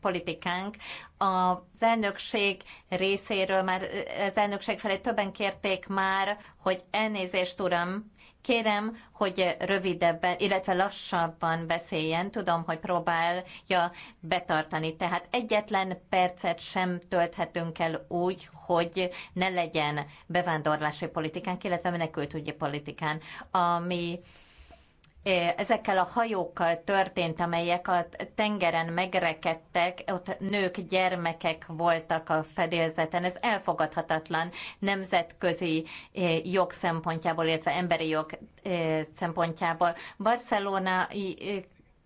politikánk. Az elnökség részéről már, az elnökség felé többen kérték már, hogy elnézést, uram, Kérem, hogy rövidebben, illetve lassabban beszéljen. Tudom, hogy próbálja betartani. Tehát egyetlen percet sem tölthetünk el úgy, hogy ne legyen bevándorlási politikánk, illetve menekültügyi politikán. Ami ezekkel a hajókkal történt, amelyek a tengeren megrekedtek, ott nők, gyermekek voltak a fedélzeten. Ez elfogadhatatlan nemzetközi jog szempontjából, illetve emberi jog szempontjából. Barcelona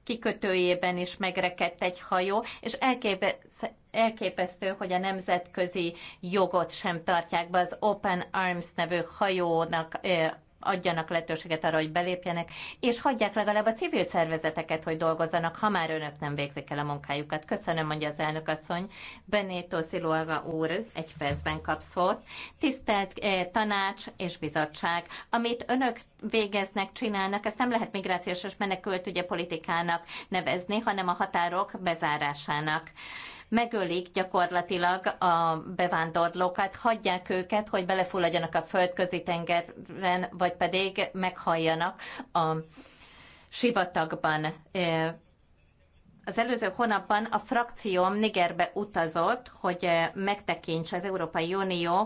kikötőjében is megrekedt egy hajó, és elképesztő elképesztő, hogy a nemzetközi jogot sem tartják be. Az Open Arms nevű hajónak adjanak lehetőséget arra, hogy belépjenek, és hagyják legalább a civil szervezeteket, hogy dolgozzanak, ha már önök nem végzik el a munkájukat. Köszönöm, mondja az elnök asszony. Benito Silva úr egy percben kap szót. Tisztelt eh, tanács és bizottság, amit önök végeznek, csinálnak, ezt nem lehet migrációs és ugye politikának nevezni, hanem a határok bezárásának megölik gyakorlatilag a bevándorlókat, hagyják őket, hogy belefulladjanak a földközi tengeren, vagy pedig meghalljanak a sivatagban. Az előző hónapban a frakcióm Nigerbe utazott, hogy megtekintse az Európai Unió